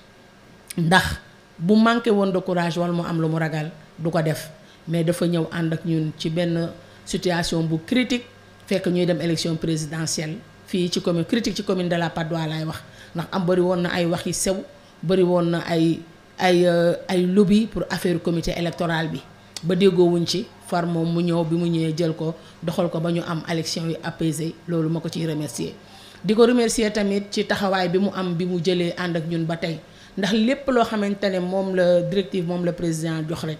ndax bu manqué woon de courage wala mu am lu mu ragal du ko def. mais dafa ñëw ànd ak ñun ci benn situation bu critique fekk ñuy dem élection présidentielle fii ci commune critique ci commune de la Patte laay wax ndax am bari woon na ay wax waxi sew bëri woon na ay ay euh, ay lobby pour affaire comité électoral bi ba déggoowuñ ci far moom mu ñëw bi mu ñëwee jël ko doxal ko ba ñu am élection yu apaisé loolu ma ko ci remercier di ko remercier tamit ci taxawaay bi mu am bi mu jëlee ànd ak ñun ba tey ndax lépp loo xamante ne moom la directive moom la président jox rek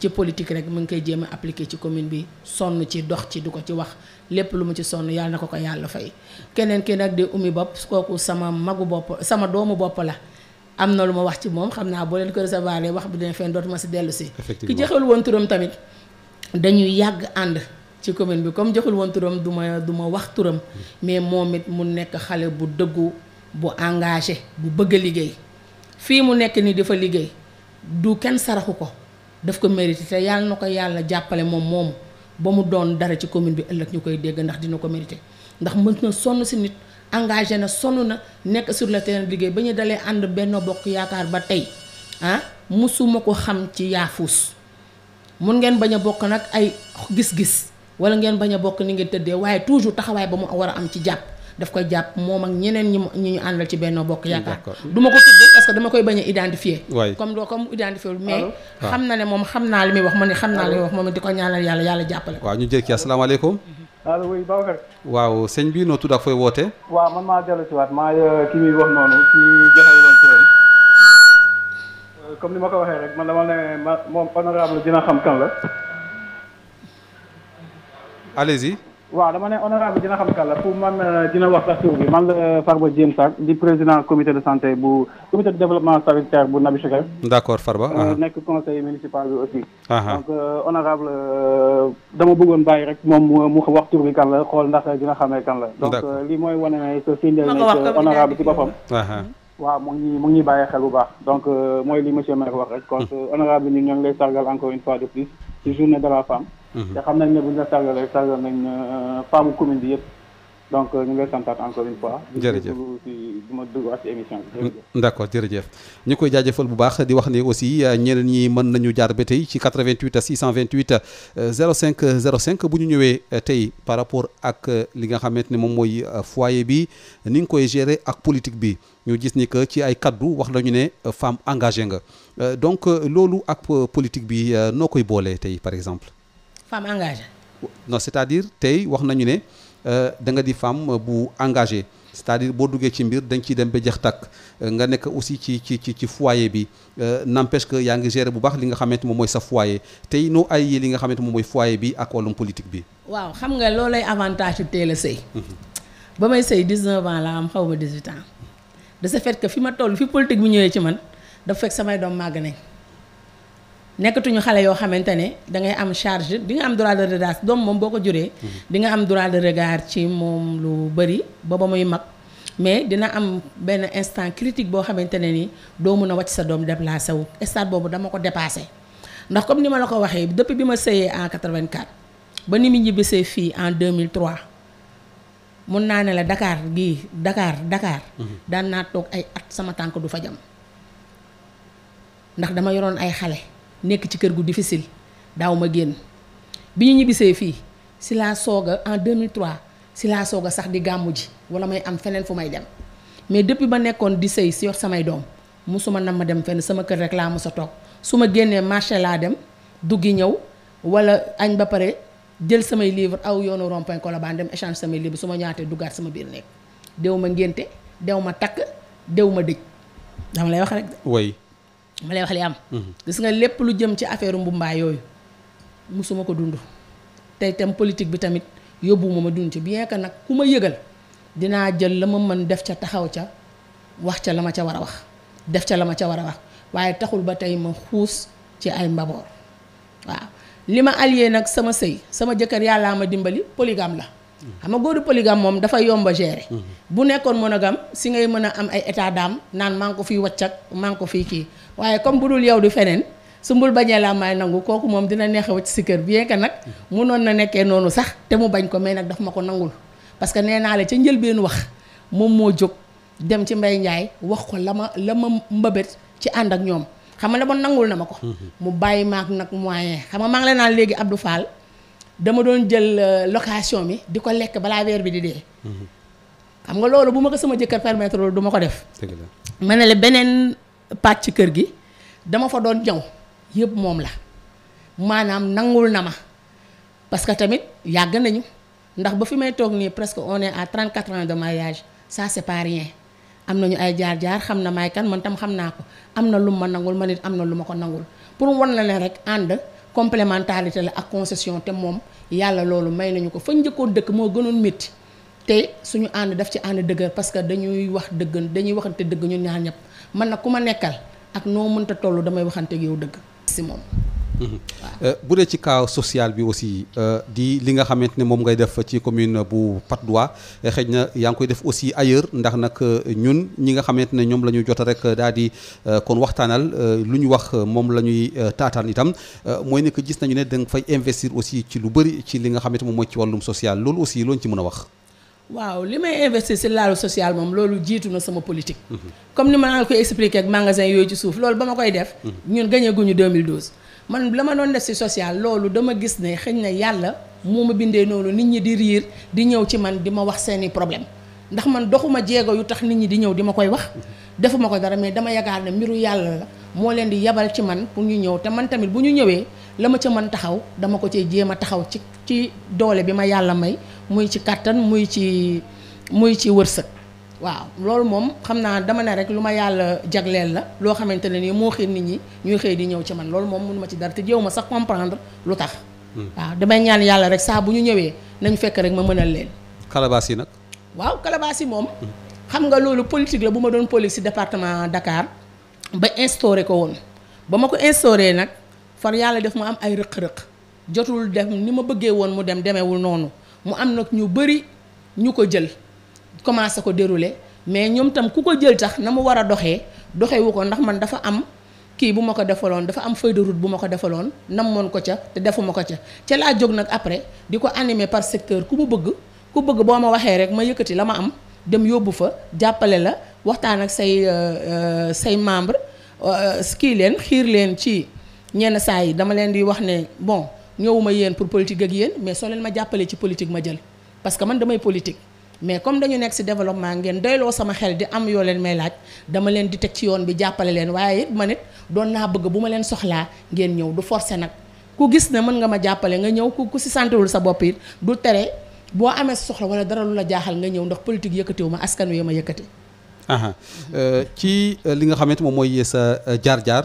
ci politique rek mu ngi koy jéem a appliquer ci commune bi sonn ci dox ci du ko ci wax lépp lu ma ci sonn yàlla na ko ko yàlla fay. keneen ki nag di umi bopp kooku sama magu bopp sama doomu bopp la am na lu ma wax ci moom xam naa boo leen ko recevoir wax bi dina fen dootuma si dellu si. ki joxewul woon turam tamit dañuy yàgg ànd. ci commune bi comme joxul woon turam du ma du ma wax turam mais moom it mu nekk xale bu dëggu bu engagé bu bëgg a liggéey fii mu nekk ni dafa liggéey du kenn saraxu ko daf ko mérité te yàlla na ko yàlla jàppale moom moom ba mu doon dara ci commune bi ëllëg ñu koy dégg ndax dina ko mérité ndax mën na sonn si nit engagé na sonn na nekk sur le terrain liggéey ba ñu dalee ànd benn Bokk Yaakaar ba tey ah musuma ko xam ci yaafuus mun ngeen bañ a bokk nag ay gis-gis wala ngeen bañ a bokk ni ngeen tëdde waaye toujours taxawaay ba mu war a am ci jàpp daf koy jàpp moom ak ñeneen ñi ñi ñu àndal ci Benno Bokk Yaakaar du ma ko tudd parce que dama koy bañ a identifier comme doo comme identifier wul mais ah. xam na ne moom xam naa li muy wax ma ne xam naa li muy ah. wax moom di ko ñaanal yàlla yàlla jàppale waaw ñu jël ki asalaamaaleykum allo oui Babacar waaw sëñ bi noo tudd ak fooy woote waaw man maa dellu si waat maa euh, ki muy wax noonu ci joxewuloon turam euh, comme li ma ko waxee rek man dama ne ma moom honorable dina xam kan la allez-y waaw dama ne honorable dina xam kan la pour man euh, dina wax sax tur bi man la euh, Farba Dieng Sarr di président comité de santé bu comité de développement sanitaire bu Nabi Choucaïb. d'accord Farba. Euh, uh-huh. nekk conseil municipal bi aussi. Uh-huh. donc honorable dama bëggoon bàyyi rek moom mu wax tur bi kan la xool ndax dina xamee kan la. donc lii mooy wane ne que firndeel ne que honorable ci boppam. Uh-huh. Mm-hmm. waa mu ngi mu ngi bàyyi xel bu baax donc mooy li monsieur maire wax rek. kon mm. honorable ñoo ngi lay sargal encore une fois de plus Mm-hmm. te xam nañ ne bu nga la sargal rek nañ euh, femme commune bi yëpp donc euh, ñu ngi lay santaat encore une fois. jërëjëf di ma duggaat ci émission mm, ñu koy jaajëfal bu baax di wax ni aussi euh, ñeneen ñi mën nañu jaar ba tey ci 88 628 05 05 bu ñu ñëwee tey par rapport ak li nga xamante ni moom mooy foyer bi ni nga koy gérer ak politique bi ñu gis ni que ci ay kaddu wax lañu ne femme engagée nga donc loolu ak politique bi noo koy boolee tey par exemple. femme engagée. non c'est-à-dire tey wax nañu ne euh, da nga di femme euh, bu engagée c'est-à-dire boo duggee ci mbir dañ nga ciy dem ba jeex takk euh, nga nekk aussi ci ci ci ci foyer bi n'empêche que yaa ngi gérer bu baax li nga xamante moom mooy sa foyer tey noo ay li nga xamante moom mooy foyer bi ak wàllum politique bi. waaw xam nga loolay avantage su teel a sëy. Mhm. ba may sëy 19 ans laa am xaw ma 18 ans da ce fait que fi ma toll fi politique bi ñëwee ci man dafa fekk samay doom màgg nañ. nekkatuñu xale yoo xamante ne da ngay am charge di nga am droit de regard doom moom boo ko juree. Mhm. di nga am droit de regard ci moom lu bëri ba ba muy mag. mais dina am benn instant critique boo xamante ne nii doo mun a wacc sa doom déplacé wu stade boobu dama ko dépassé ndax comme ni ma la ko waxee dëpp bi ma sëyee en 84 ba ni mu ñibbisee fii en 2003 mun naa ne la Dakar gii Dakar dakaar mhm. daan naa toog ay at sama tànk du fa jam ndax dama yoroon ay xale. nekk ci kër gu difficile daaw ma génn bi ñu ñibbisee fii si laa soog a en 2003 si laa soog a sax di gàmmu ji wala may am feneen fu may dem mais depuis ba nekkoon di sëy si yor samay doom musuma nam ma dem fenn sama kër rek laa mos a toog su ma génnee marché laa dem duggi ñëw wala añ ba pare jël samay livre aw yoonu rond-point Colobane dem échange samay livre su ma ñaatee duggaat sama biir nekk dew ma ngénte dew ma takk dew ma dëj dama lay wax rek. ma lay wax li am. Mhm. gis nga lépp lu jëm ci affaire mbumbaay yooyu musuma ko dund. tey tam politique bi tamit yóbbuwuma ma dund ci bien que nag ku ma yëgal dinaa jël la ma mën def ca taxaw ca wax ca la ma ca war a wax def ca la ma ca war a wax waaye taxul ba tey ma xuus ci ay mbaboor waaw li ma allié nag sama sëy sama jëkkër yàllaa ma dimbali polygame la. Mhm. xam nga góoru polygame moom dafa yomb a mhm. bu nekkoon monogame si ngay mën a am ay état d'âme naan maa ngi ko fiy wàcc maa ngi ko fiy kii. waaye comme bu dul yow du feneen sumbul bañee laa may nangu kooku moom dina neexew ci si kër bien que nag munoon na nekkee noonu sax te mu bañ ko mais nag daf ma ko nangul parce que nee naa la ca njëlbeen wax moom moo jóg dem ci mbay Ndiaye wax ko la ma la ma mbëbët ci ànd ak ñoom xam nga ne bon nangul na ma ko. Mhm. mu bàyyi maak nag moyen xam nga maa ngi la naan léegi Abdou Fall dama doon jël euh, location bi di ko lekk balaa weer bi di dee. Mhm. xam nga loolu bu ma ko sama jëkkër permettre loolu ko def. ma ne la pàcc kër gi dama fa doon ñëw yëpp moom la maanaam nangul na ma parce que tamit yàgg nañu ndax ba fi may toog nii presque on est à 34 ans de mariage ça c'est pas rien am nañu ay jaar-jaar xam na may kan man tam xam naa ko am na lu ma nangul ma nit am na lu ma ko nangul pour wan na leen rek ànd complementarité la ak concession te moom yàlla loolu may nañu ko fa njëkkoon dëkk moo gënoon métti te suñu ànd def ci ànd dëgër parce que dañuy wax dëgg dañuy waxante dëgg ñun ñaar ñëpp man na ku ma nekkal ak noo mënta tollu damay waxante ak dëgg si moom. Mhm. Euh, bu dee ci kaaw social bi aussi euh, di li nga xamante ne moom ngay def ci commune bu Patte d'Oie euh, xëy na yaa ngi koy def aussi ailleurs ndax nag ñun ñi nga xamante ne ñoom la ñu jot rek daal di kon waxtaanal lu ñu wax moom la ñuy taataan itam mooy ne que gis nañu ne da nga fay investir aussi ci lu bari ci li nga xamante moom mooy ci wàllum social loolu aussi loo ñu ci mën a wax. waaw li may investir si laalu social moom loolu jiitu na sama politique. comme ni ma la koy expliqué ak magasin yooyu ci suuf loolu ba ma koy def. ñun gagné guñu 2012. man la ma doon def si social loolu dama gis ne xëñ na yàlla moo ma bindee noonu nit ñi di riir di ñëw ci man di ma wax seeni problème ndax man doxuma jéego yu tax nit ñi di ñëw di ma koy wax. defuma ko dara mais dama yaakaar ne mbiru yàlla la moo leen di yebal ci man pour ñu ñëw te man tamit bu ñu ñëwee. la ma ca man taxaw dama ko cay jéem a taxaw ci ci doole bi ma yàlla may muy ci kàttan muy ci muy ci wërsëg waaw loolu moom xam naa dama ne rek lu ma yàlla jagleel la loo xamante ne nii moo xëy nit ñi ñuy xëy di ñëw ci man loolu moom mënu ma ci dara te jéew ma sax comprendre lu tax hmm. waaw damay ñaan yàlla rek saa bu ñu ñëwee nañ fekk rek ma mënal leen kalabaas yi nag waaw kalabaas yi moom hmm. xam nga loolu politique la bu ma doon politique si département Dakar ba instauré ko woon nag far yàlla def mu am ay rëq-rëq jotul def ni ma bëggee woon mu dem demewul noonu mu am nag ñu bëri ñu ko jël commencé ko dérouler mais ñoom tam ku ko jël tax na mu war a doxee doxewu ko ndax man dafa am kii bu ma ko defaloon dafa am feuille de bu ma ko defaloon nam namoon ko ca te defuma ko ca ca laa jóg nag après di ko animer par secteur ku mu bëgg ku bëgg boo ma waxee rek ma yëkkati la ma am dem yóbbu fa jàppale la waxtaan ak say euh, euh, say membre euh, kii leen xiir leen ci ñenn saa yi dama leen di wax ne bon ñëwuma yéen pour politique ak yéen mais soo leen ma jàppalee ci politique ma jël parce que man damay politique mais comme dañu nekk ci développement ngeen doyloo sama xel di am yoo may laaj dama leen di teg ci yoon bi jàppale leen waaye it man doon naa bëgg bu ma leen soxlaa ngeen ñëw du forcer nag ku gis ne mën nga ma jàppale nga ñëw ku si ci santewul sa bopp it du tere boo amee soxla walla dara lu la jaaxal nga ñëw ndax politique yëkkatewu ma askan wi ma yëkkati. Euh, ci euh, li nga xamante moom mooy sa euh, jaar-jaar.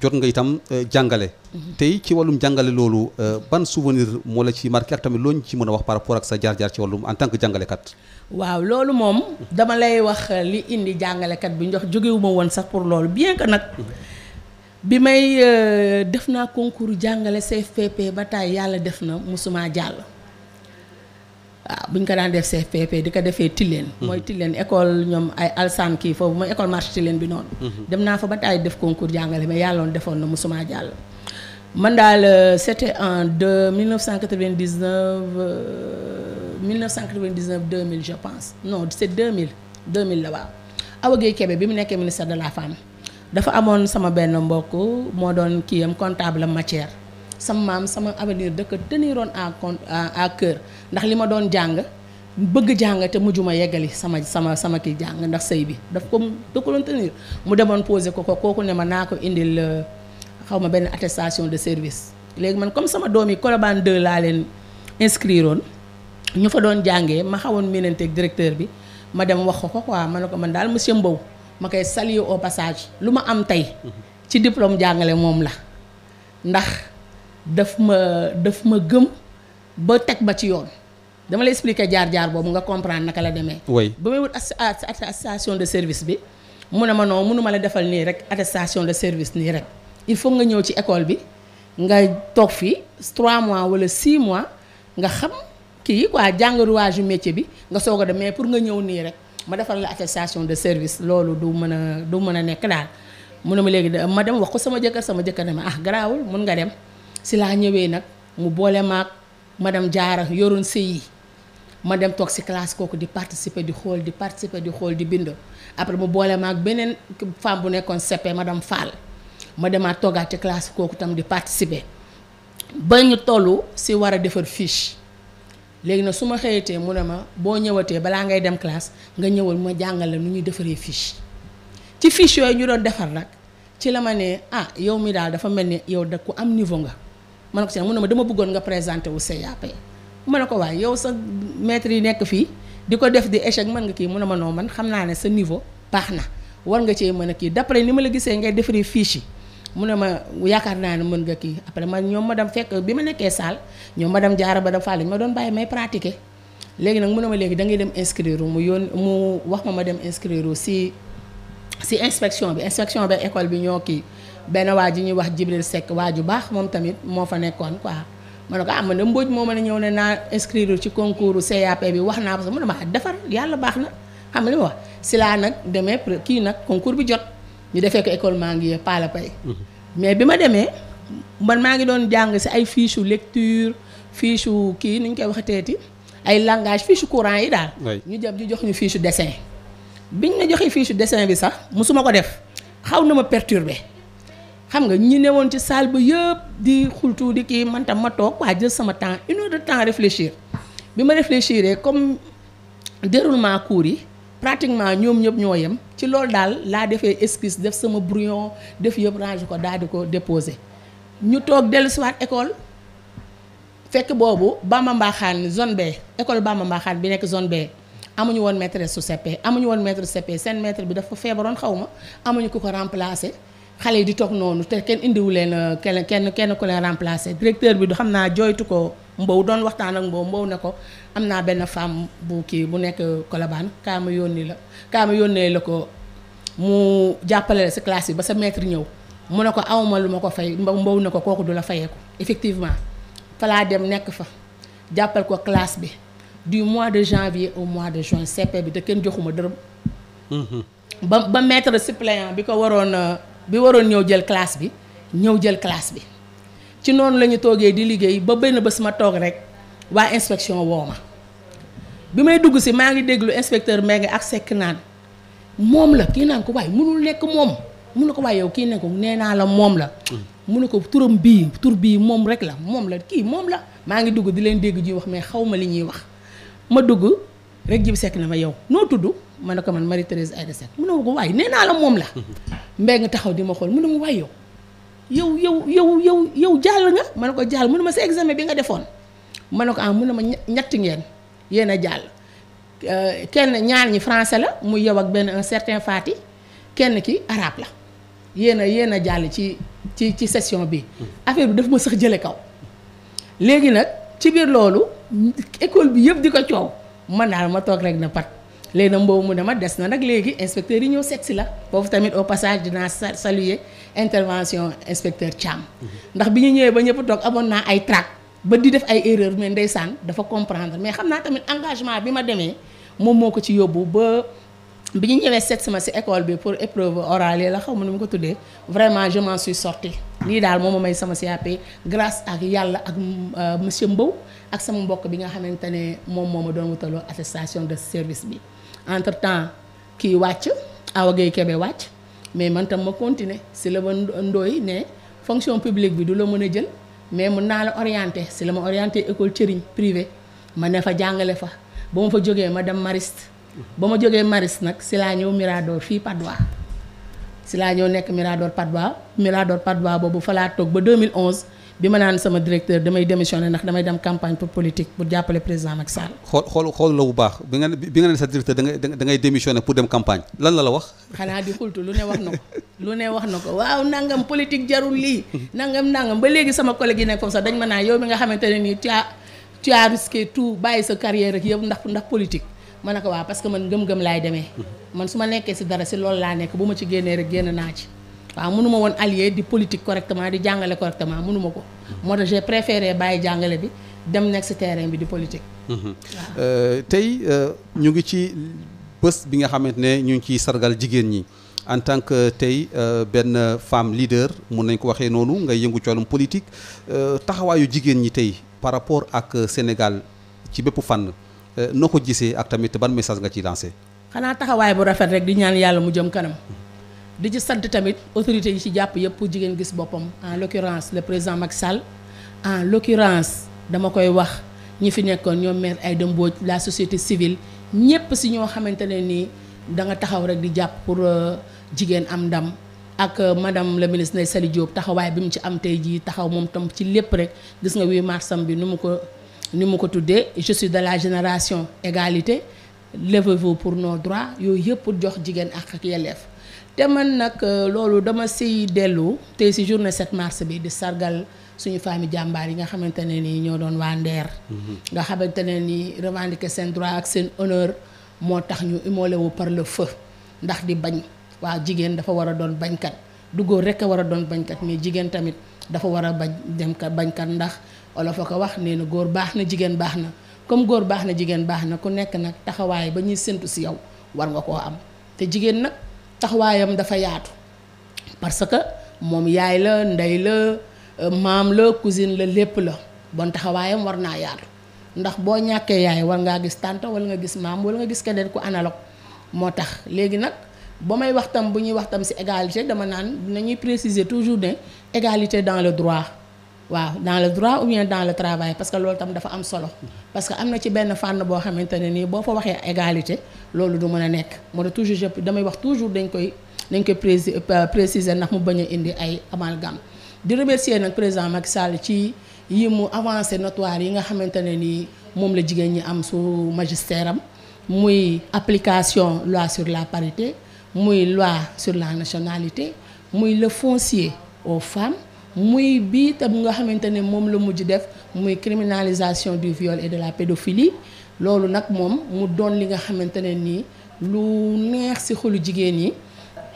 jot nga itam euh, jàngale mhm. tey ci wàllum jàngale loolu euh, ban souvenir moo la ci marqué ak tamit loo ñu ci mën a wax par rapport ak sa jaar-jaar ci wàllum en tant que jàngalekat waaw loolu moom dama lay wax euh, li indi jàngalekat bi njox jógewuma woon sax pour loolu bien que nag mhm. bi may def naa concours jàngale CFPP ba tey yàlla def na musuma jàll waaw bu ñu ko daan def CFPP di ko defee Tilène. Mhm. mooy Tilène école ñoom ay alsan kii foofu mooy école marché Tilène bi noonu. Mhm. dem naa fa ba taay def concours jàngale mais yàlla defoon na musuma jàll. man daal euh, c' était en deux mille neuf cent quatre vingt dix neuf euh, mille neuf cent quatre vingt dix neuf deux mille je pense non c' est deux mille deux mille la waaw. Awa Guèye bi mu nekkee ministère de la femme dafa amoon sama benn mbokk moo doon kii am comptable matière. sama maam sama avenir dëkk teniroon en compte à ndax li ma doon jàng bëgg jàng te ma yeggali sama sama sama ki jàng ndax sëy bi daf ko da ko doon mu demoon posé ko ko kooku ne ma naa ko indil euh, xaw ma benn attestation de service léegi man comme sama doom yi Colobane 2 laa leen inscrire woon ñu fa doon jàngee ma xawoon miinante directeur bi ma dem wax ko ko quoi ma ne ko man daal monsieur Mbow ma koy saluer au passage lu ma am tey mhm. ci diplôme jàngale moom la ndax daf ma daf ma gëm ba teg ma ci yoon dama lay expliquer jaar-jaar boobu nga comprendre naka la demee. oui ba may wut attestation de service bi mu ne ma non mënuma la defal nii rek attestation de service nii rek il faut nga ñëw ci école bi nga toog fii 3 mois wala 6 mois nga xam kii waa quoi yu métier bi nga soog a dem mais pour nga ñëw nii rek ma defal la attestation de service loolu du mën a du mën a nekk daal mun ne ma léegi ma dem wax ko sama jëkkër sama jëkkër ne ma ah garaawul mun nga dem. si laa ñëwee nag mu boole ma madame jaara yoroon sëy yi ma dem toog si classe kooku di participer di xool di participer di xool di bindoo après mu boole maag beneen femme bu nekkoon ma madame Fall ma demaat toogaat ci classe kooku tam di participer ba ñu toll si war a defar fiche. léegi nag su ma xëyatee mu ne ma boo ñëwatee balaa ngay dem classe nga ñëwal ma jàngale la nu ñuy defaree fiche ci fiche yooyu ñu doon defar nag ci la ma ne ah yow mi daal dafa mel ni yow da ku am niveau nga man ne ko si mu ne ma dama bëggoon nga présenté wu CAP ma ne ko waaye yow sa maître yi nekk fii di ko def di échec mën nga kii mun ne ma noo man xam naa ne sa niveau baax na war nga cee mën a kii d'après ni ma la gisee ngay defaree fiche yi mu ne ma yaakaar naa ne mën nga kii après man ñoom ma dem fekk bi ma nekkee salle ñoom ma dem jaara ba dem fàlle ma doon bàyyi may pratiquer léegi nag mu ne ma léegi da ngay dem inscrire mu yoon mu wax ma ma dem inscrire si si inspection bi inspection bi école bi ñoo kii. benn waa ji ñuy wax Jibril Seck waa ju baax moom tamit moo fa nekkoon quoi ma ne ko ah na de Mbodj moo mën a ñëw ne naa inscrire ci concours CAP bi wax naa ko sax mu ne ah, defar yàlla baax na xam nga li wax si laa nag demee kii nag concours bi jot ñu defee ko école maa ngi pas la pay mhm. mais bi ma demee man maa ngi doon jàng si ay fiche su lecture fiche su kii ni ñu koy waxateeti ay langage fiche courant yi daal. ñu jëm ñu jox ñu fiche dessin biñ ma joxee fiche desin bi sax musuma ko def xaw na ma perturbé. xam nga ñi woon ci salle ba yëpp di xultu di kii man ma toog waa jël sama temps une heure de temps réfléchir bi ma réfléchir comme déroulement cours yi pratiquement ñoom ñëpp ñoo yem ci loolu daal laa defee esquisse def sama brouillon def yëpp range ko daal di ko déposé ñu toog dellu siwaat école fekk boobu Bamba Mbaxaan zone B ecole Bamba Mbaxaan bi nekk zone B amuñu woon maîtresse su seppee amuñu woon maître seppee seen metre bi dafa feebaroon xaw ma amuñu ku ko remplacer xale yi di toog noonu te kenn indiwu leen euh, kenn kenn kenn ku leen remplacé directeur bi du xam naa jooytu ko Mbow doon waxtaan ak Mbow Mbow ne ko am naa benn femme bu kii bu nekk Colobane kaa ma yónni la kaa yónnee la ko mu jàppale la si classe yi ba sa maître ñëw mu ne ko awma lu ma ko fay Mbow ne ko kooku du la fayee ko effectivement falaa dem nekk fa jàppal ko classe bi du mois de janvier au mois de juin CP bi te kenn joxuma dërëm mhm. ba ba maître suppléant bi waroon ñëw jël classe bi ñëw jël classe bi ci noonu la ñu toogee di liggéey ba benn bés ma toog rek waa inspection woo ma bi may dugg si maa ngi déglu inspecteur Mbengue ak sekk naan moom la kii naan ko waaye mënul lekk moom mun ko waaye yow kii ne ko nee naa la moom la. mu ne ko turam bii tur bii moom rek la moom la kii moom la. maa ngi dugg di leen dégg ji wax mais xaw ma li ñuy wax ma dugg rek jib sekk na ma yow noo tudd. man ne ko man Marie Thérèse Aïda Seck mu ne ma ko waay nee naa la moom la mbéy nga taxaw di ma xool mu ne ma waay yow yow yow yow yow yow jàll nga ma ne ko jàll mu ne ma sa examen bi nga defoon ma ne ko ah mu ne ñetti ngeen yéen a jàll euh, kenn ñaar ñi français la mu yow ak benn un certain Fati kenn ki arabe la yéen a yéen a jàll ci ci ci session bi affaire bi daf ma sax jële kaw léegi nag ci biir loolu école bi yëpp di ko coow man daal ma toog rek na pat léegi nag mboobu mu ne des na nag léegi inspecteur yi ñëw seet si la foofu tamit au passage dinaa saluer intervention inspecteur Thiam. Mhm. ndax bi ñu ñëwee ba ñëpp toog amoon naa ay trac ba di def ay erreur mais ndeysaan dafa comprendre mais xam naa tamit engagement bi ma demee moom moo ko ci yóbbu ba bi ñu ñëwee seet si ma si école bi pour épreuve orale la xaw ma nu mu ko tuddee vraiment je m'en suis sortie lii daal moom ma may sama CAP grâce ak yàlla ak euh, monsieur Mbow ak sama mbokk bi nga xamante ne moom moo ma doon wutaloo attestation de service bi. entre temps kii wàcc Awa Gueye wàcc mais man tam ma continuer si la ma ndooy ne fonction publique bi du la mën a jël mais mun naa la orienter si la ma orienter école cëriñ privé ma ne fa jàngale fa ba ma fa jógee ma dem Mariste ba ma jógee Mariste nag si laa ñëw Mirador fii Padois si laa ñëw nekk Mirador Padois Mirador Padois boobu fa laa toog ba 2011 bi ma naan sama directeur damay démissionné ndax damay dem campagne pour politique pour jàppale président Macky Sall. xool xool xool la bu baax bi nga bi nga ne sa directeur da ngay da pour dem campagne lan la la wax. xanaa di xultu lu ne wax na ko lu ne wax na ko waaw nangam politique jarul lii nangam nangam ba léegi sama collègue yi nekk foofu sax dañ ma naan yow mi nga xamante ne nii tu as tu tout bàyyi sa carrière ak yëpp ndax ndax politique. ma ne ko waaw parce que man gëm-gëm demee mhm. man su ma nekkee si dara si loolu laa nekk bu ma ci génnee rek génn naa ci. waaw mënuma woon allier di politique correctement di jàngale correctement mënuma ko moo tax j'ai préféré bàyyi jàngale bi dem nekk si terrain bi di politique mhm. euh, tey euh, ñu ngi ci bës bi nga xamante ne ñu ngi ciy sargal jigéen ñi en tant que tey euh, benn femme leader mun nañ ko waxee noonu ngay yëngu ci wàllum politique taxawaayu jigéen ñi tey par rapport ak Sénégal ci bépp fànn noo ko gisee ak tamit ban message nga ci lancé xanaa taxawaay bu rafet rek di ñaan yàlla mu jëm kanam di ci sadd tamit autorités yi ci jàpp yëpp pour jigéen gis boppam en l'occurrence le président Macky Sall en l'occurrence dama koy wax ñi fi nekkoon ñoom maire ay Mbodj la société civile ñëpp si ñoo xamante ne nii da nga taxaw rek di jàpp pour euh, jigéen am ndam ak euh, madame le ministre Ndeye Saly Diop taxawaay bi mu ci am tey jii taxaw moom tam ci lépp rek gis nga 8 marsam bi nu mu ko ni mu ko tuddee je de la génération égalité levez pour nos droits yooyu yëpp jox jigéen ak te man nag euh, loolu dama siy dellu tey si journée 7 mars bi di sargal suñu famille jàmbaar yi nga xamante ne ni ñoo doon waa Ndeer. Mhm. nga xamante ne ni revendiquer seen droit ak seen honneur moo tax ñu immolé wu par la feu ndax di bañ waa jigéen dafa war a doon bañkat du góor rek war a doon bañkat mais jigéen tamit dafa war a bañ dem kat bañkat ndax olof a ko wax nee na góor baax na jigéen baax na comme góor baax na jigéen baax na ku nekk nag taxawaay ba ñuy séntu si yow war nga koo am taxawaayam dafa yaatu parce que moom yaay la ndey la euh, maam la cousine la lépp la bon taxawaayam war naa yaatu ndax boo ñàkkee yaay war ngaa gis tante wala nga gis maam wala nga gis keneen ku analogue moo tax léegi nag ba may wax tam bu ñuy wax tam ci égalité dama naan nañuy préciser toujours ne égalité dans le droit waaw dans le droit ou bien dans le travail parce que loolu tam dafa am solo parce que am na ci benn fànn boo xamante ne nii boo fa waxee égalité loolu du mën a nekk moo tax toujours je damay wax toujours dañ koy dañ koy prési euh, préciser ndax mu bañ a indi ay amalgame di remercier nag président Macky Sall ci yi mu avancé notoire yi nga xamante ne ni moom la jigéen ñi am su magistère am muy application loi sur la parité muy loi sur la nationalité muy le foncier aux femmes muy bii tam nga xamante ne moom la mujj def muy criminalisation du viol et de la pédophilie loolu nag moom mu doon li nga xamante ne nii lu neex si xolu jigéen ñi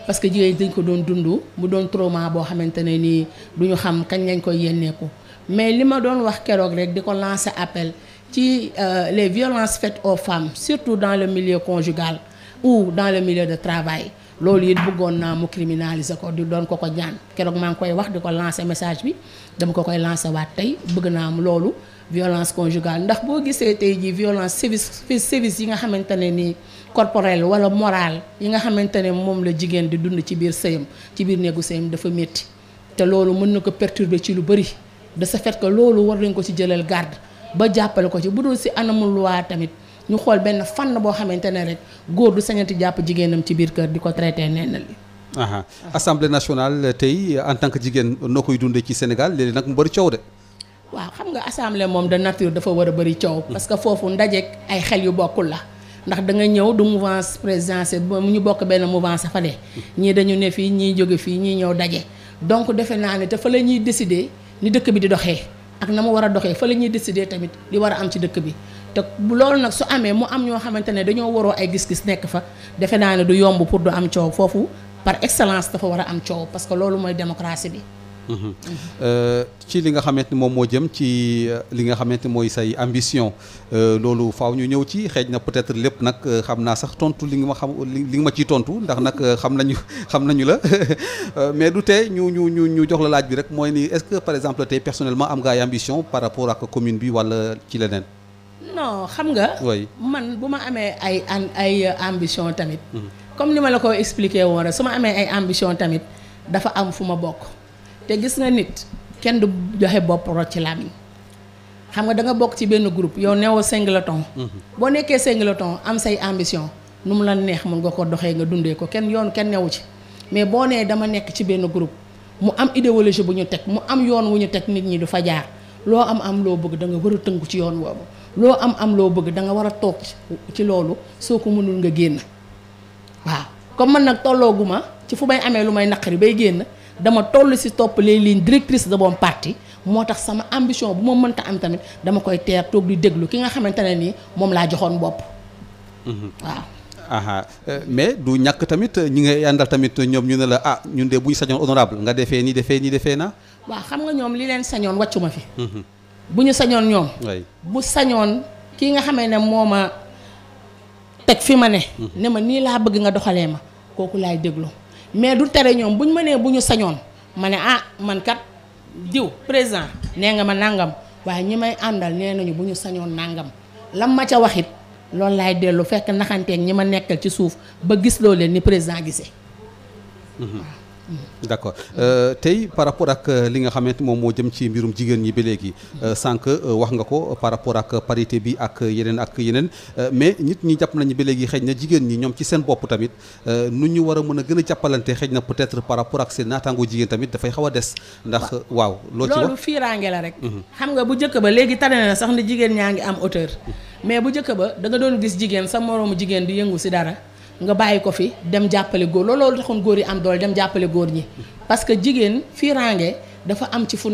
parce que jigéen ñi dañ ko doon dund mu doon trauma boo xamante ne nii du ñu xam kañ lañ koy yénneeku mais li ma doon wax keroog rek di ko lancer appel ci euh, les violences faites aux femmes surtout dans le milieu conjugal ou dans le milieu de travail loolu it bëggoon naa mu criminaliser ko di doon ko ko ñaan keroog maa ngi koy wax di ko lancer message bi dama ko koy lancer waat tey bëgg naa mu loolu violence conjugale ndax boo gisee tey jii violence sévice sévice yi nga xamante ne nii corporel wala moral yi nga xamante ne moom la jigéen di dund ci biir sëyam ci biir néegu sëyam dafa métti te loolu mën na ko perturber ci lu bëri de ce fait loolu war nañ ko ci jëlal garde ba jàppale ko ci bu dul si anamul loi tamit ñu xool benn fànn boo xamante ne rek góor du sañati jàpp jigéenam ci biir kër di ko traité nee na li Assemblée nationale tey en tant que jigéen noo koy dundee ci Sénégal léegi nag mu bëri coow de. waaw xam nga assemblée moom de nature dafa war a bëri coow. Hmm. parce que foofu ndajeek ay xel yu bokkul la. ndax da nga ñëw du mouvance présidentielle ba mu ñu bokk benn mouvance fa de hmm. ñii dañu ne fii ñii jóge fii ñii ñëw daje. donc defe naa ne te fa la ñuy décider ni dëkk bi di doxee ak na mu war a doxee fa la ñuy décider tamit li war a am ci dëkk bi. te loolu nag su amee mu am ñoo xamante ne dañoo waroo ay gis-gis nekk fa defe naa ne du yomb pour du am coow foofu par excellence dafa war a am coow parce que loolu mooy démocratie bi. Euh, ci li nga xamante ni moom moo jëm ci euh, li nga xamante mooy say ambition euh, loolu faaw ñu ñëw ci xeej na peut-être lépp nag xam naa sax tontu li nga ma xam li nga ma ciy tontu ndax nag xam nañu xam nañu la mais du tee ñu ñu ñu jox la laaj bi rek mooy ni est-ce que par exemple tey personnellement am nga ay ambition par rapport ak commune bi walla ci leneen. non xam nga. man bu ma amee ay ay ambition tamit. Mhm. comme ni ma la ko expliqué woon rek su ma amee ay ambition tamit dafa am fu ma bokk. te gis na nit kenn du joxe bopp rot ci làmmiñ xam nga danga bokk ci benn groupe yow neewoo singleton mm-hmm. boo nekkee singleton am say ambition nu mu lan neex mun nga ko doxee nga dundee ko kenn yoon kenn newu ci mais boo nee dama nekk ci benn groupe mu am idéologie bu ñu teg mu am yoon wu ñu teg nit ñi du fa jaar loo am am loo bëgg danga nga a tënku ci yoon woowu loo am am loo bëgg danga nga war a toog ci loolu soo ko mënul nga génn waaw comme mën nag tollooguma ci fu may amee lu may naqari bay génn dama toll si topp les lignes directrice de mon parti moo tax sama ambition bu ma mënta am tamit dama koy teer toog di déglu ki nga xamante ne nii moom laa joxoon bopp. Mhm. waaw. Euh, mais du ñàkk tamit ñi ngay àndal tamit ñoom ñu ne la ah ñun de buñ sañoon honorable nga defee nii defee nii defee naa. waaw xam nga ñoom li leen sañoon waccu ma fi. Mhm. bu ñu sañoon ñoom. bu sañoon ki nga xamee ne moo ma teg fi ma ne. Mhm. ne ma nii laa bëgg nga doxalee ma kooku laay déglu. mais du tere ñoom buñ mënee bu ñu sañoon ma ne ah man kat diw président nee nga ma nangam waaye ñi may àndal nee nañu bu ñu sañoon nangam lam ma ca waxit loolu laay dellu fekk naxanteeg ñi ma nekkal ci suuf ba gis loo leen ni président gisee. Mhm. d' accord euh, tey par rapport ak euh, li nga xamante moom moo jëm ci mbirum jigéen ñi ba léegi euh, sànq wax nga ko par rapport ak parité bi ak yeneen ak yeneen mais nit ñi jàpp nañ ba léegi xëy na jigéen ñi ñoom ci seen bopp tamit nu ñu war a mën a gën a jàppalante xëy na peut-être par rapport ak seen naataango jigéen tamit dafay xaw des ndax waaw loo ci wax loolu fiiraange la rek mhm. xam nga bu njëkk ba léegi tane na sax ni jigéen ñaa ngi am hauteur mhm. mais bu njëkk ba da nga doon gis jigéen sa moroomu jigéen di si dara nga bàyyi ko fi dem jàppale góor loolu taxoon góor yi am doole dem jàppale góor ñi parce que jigéen fiiraange dafa am ci fu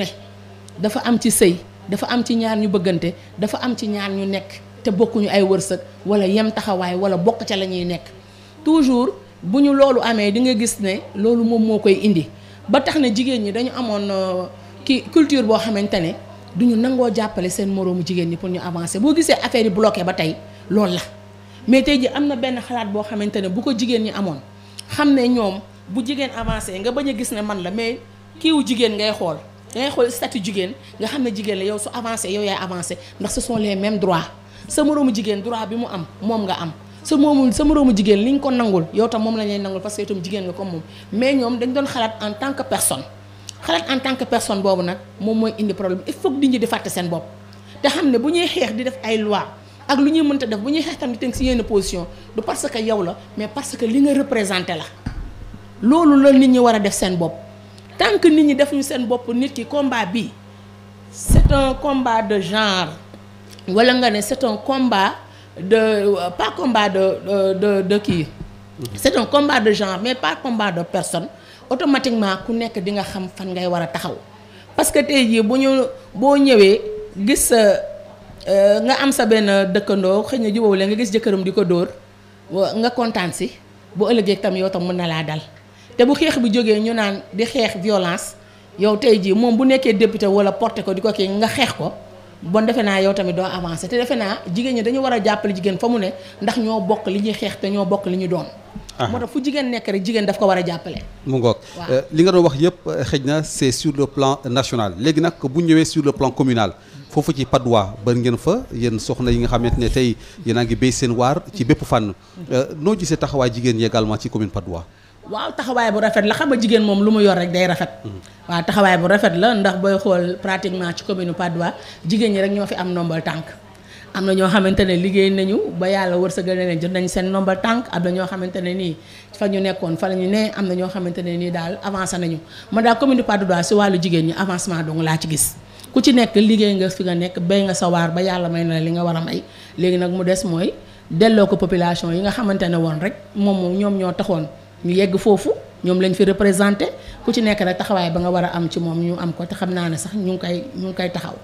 dafa am ci sëy dafa am ci ñaar ñu bëggante dafa am ci ñaar ñu nekk te bokkuñu ay wërsëg wala yem taxawaay wala bokk ca la ñuy nekk toujours bu ñu loolu amee di nga gis ne loolu moom moo koy indi ba tax na jigéen ñi dañu amoon euh, ki culture boo xamante ne duñu nangoo jàppale seen moroomu jigéen ñi pour ñu avancer boo gisee affaire yi bloqué ba tey loolu la mais tey ji am na benn xalaat boo xamante ne bu ko jigéen ñi amoon xam ne ñoom bu jigéen avancé nga bañ a gis ne man la mais kiiwu jigéen ngay xool dangay xool statut jigéen nga xam ne jigéen la yow su avancé yow yaay avancé ndax ce sont les mêmes droits sa moroomu jigéen droit bi mu am moom nga am sa moomu sa moroomu jigéen li ko nangul yow tam moom la ñuy nangul parce que itam jigéen nga comme moom mais ñoom dañ doon xalaat en tant que personne xalaat en tant boobu nag moom mooy indi problème seen bopp te xam ne bu ñuy xeex di def ay loi ak lu ñuy mënta def bu ñuy xeex tamit teg si yenn position du parce que yow la mais parce que li nga représenté la loolu la nit ñi war a def seen bopp tant que nit ñi defuñu seen bopp nit ki combat bi c'est un combat de genre wala nga ne c'est un combat de euh, pas combat de euh, de de kii c'est un combat de genre mais pas combat de personne automatiquement ku nekk di nga xam fan ngay war a taxaw parce que tey jii bu ñu boo ñëwee gis sa euh, Euh, nga am sa benn dëkkandoo xëy na jubóo la nga gis jëkkëram di ko dóor nga kontaan si bu ëllëgee tam yow tam mën na laa dal te bu xeex bi jógee ñu naan di xeex violence yow tey jii moom bu nekkee député wala porté ko di ko kii nga xeex ko bon defe naa yow tamit doo avancé te defe naa jigéen ñi dañu war a jàppale jigéen fa mu ne ndax ñoo bokk li ñuy xeex te ñoo bokk li ñu doon. moo tax fu jigéen nekk rek jigéen daf ko war a jàppale. mu ngoog euh, li nga doon wax yëpp euh, xëj na c' est sur le plan national léegi nag bu ñëwee sur le plan communal. foofu ci Padois bari ngeen fa yéen soxna yi nga xamante ne tey yéen a ngi béy seen waar ci bépp fànn. Euh, noo gisee taxawaay jigéen ñi également ci commune Padois. waaw taxawaay bu rafet la xam nga jigéen moom lu mu yor rek day rafet. Hmm. waaw taxawaay bu rafet la ndax booy xool pratiquement ci commune Padois jigéen ñi rek ñoo fi am ndombal tànk. am na ñoo xamante ne liggéey nañu ba yàlla war sa leen jot nañ seen nombre tànk am na ñoo xamante ne nii fa ñu nekkoon fan la ñu ne am na ñoo xamante ne nii daal avancé nañu ma daal commune Patte d'Oie si wàllu jigéen ñi avancement dong laa ci gis ku ci nekk liggéey nga fi nga nekk béy nga sa waar ba yàlla may na li nga war a may léegi nag mu des mooy delloo ko population yi nga xamante ne woon rek moom moom ñoom ñoo taxoon ñu yegg foofu ñoom lañ fi représenté ku ci nekk rek taxawaay ba nga war a am ci moom ñu am ko xam naa ne sax ñu ngi koy ñu ngi koy taxaw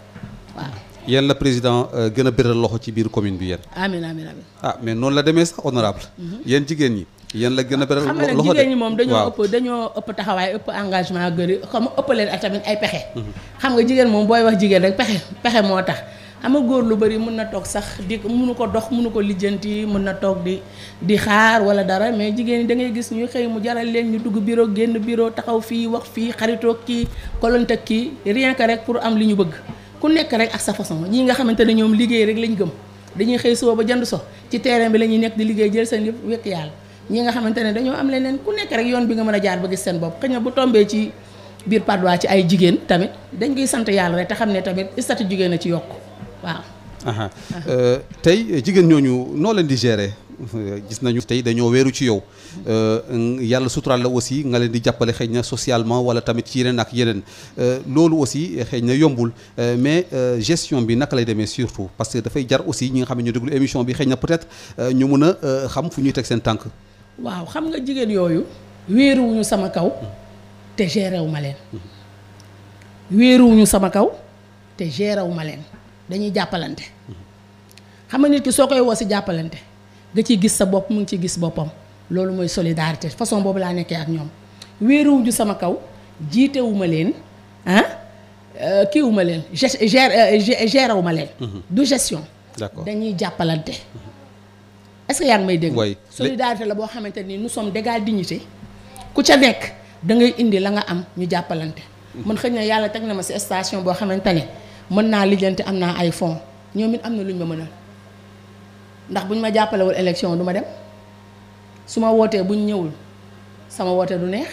yéen la président euh, gën a bëral loxo ci biir commune bi yéen. amiin amiin ah mais noonu la demee sax honorable mhm. yéen jigéen ñi. yéen la gën a bëral ah, loxo de xam nga jigéen ñi moom dañoo ëpp dañoo ëpp taxawaay ëpp engagement gën a comme ëpp leen ak tamit ay pexe. Mhm. xam nga jigéen moom booy wax jigéen rek pexe pexe moo tax. ama góor lu bari mën na toog sax di mënu ko dox mënu ko lijjanti mën na toog di di xaar wala dara mais jigéen ñi da ngay gis ñu xëy mu jaral leen ñu dugg bureau génn bureau taxaw fii wax fii xaritoo kii kolonte kii rien rek pour am li ñu bëgg ku nekk rek ak sa façon ñii nga xamante ne ñoom liggéey rek lañ gëm dañuy xëy suba ba jënd so ci terrain bi la ñuy nekk di liggéey jël seen yëpp wekk yàlla ñii nga xamante ne dañoo am leneen ku nekk rek yoon bi nga mën a jaar ba gis seen bopp xëy na bu tombee ci biir Patte ci ay jigéen tamit dañ koy sant yàlla rek te xam ne tamit statut jigéen a ci yokk waaw Euh, tey euh, jigéen ñooñu noo leen di gérer euh, gis nañu tey dañoo weeru ci yow yàlla suturaal la aussi nga leen di jàppale xëy na socialement wala tamit ci yeneen ak yeneen loolu aussi xëy na yombul mais gestion bi naka lay demee surtout parce que dafay jar aussi ñi nga xam ne ñu déglu émission bi xëy na peut-être ñu mun a xam fu ñuy teg seen tànk. waaw xam nga jigéen yooyu. wéeruwuñu sama kaw hmm. te gérer wu leen. wéeruwuñu sama kaw te gérer leen. dañuy jàppalante xam nga nit ki soo koy woo si jàppalante nga ciy gis sa bopp mu ngi ciy gis boppam loolu mooy solidarité façon boobu laa nekkee ak ñoom wéeruwuñu sama kaw jiitewuma leen ah euh, kiiwuma leen euh, gérewuma leen mhm. du gestion dañuy jàppalante est-ce que yaa ngi may dégg solidarité la boo xamante ni nous sommes d'égale dignité ku ca nekk da ngay indi la nga am ñu jàppalante mhm. man xëy na yàlla teg na ma si station boo xamante ne mën naa lijjante am naa ay fonds ñoom it am na lu ñu ma mënal ndax bu ñu ma jàppalewul élection du ma dem su ma wootee bu ñu ñëwul sama woote du neex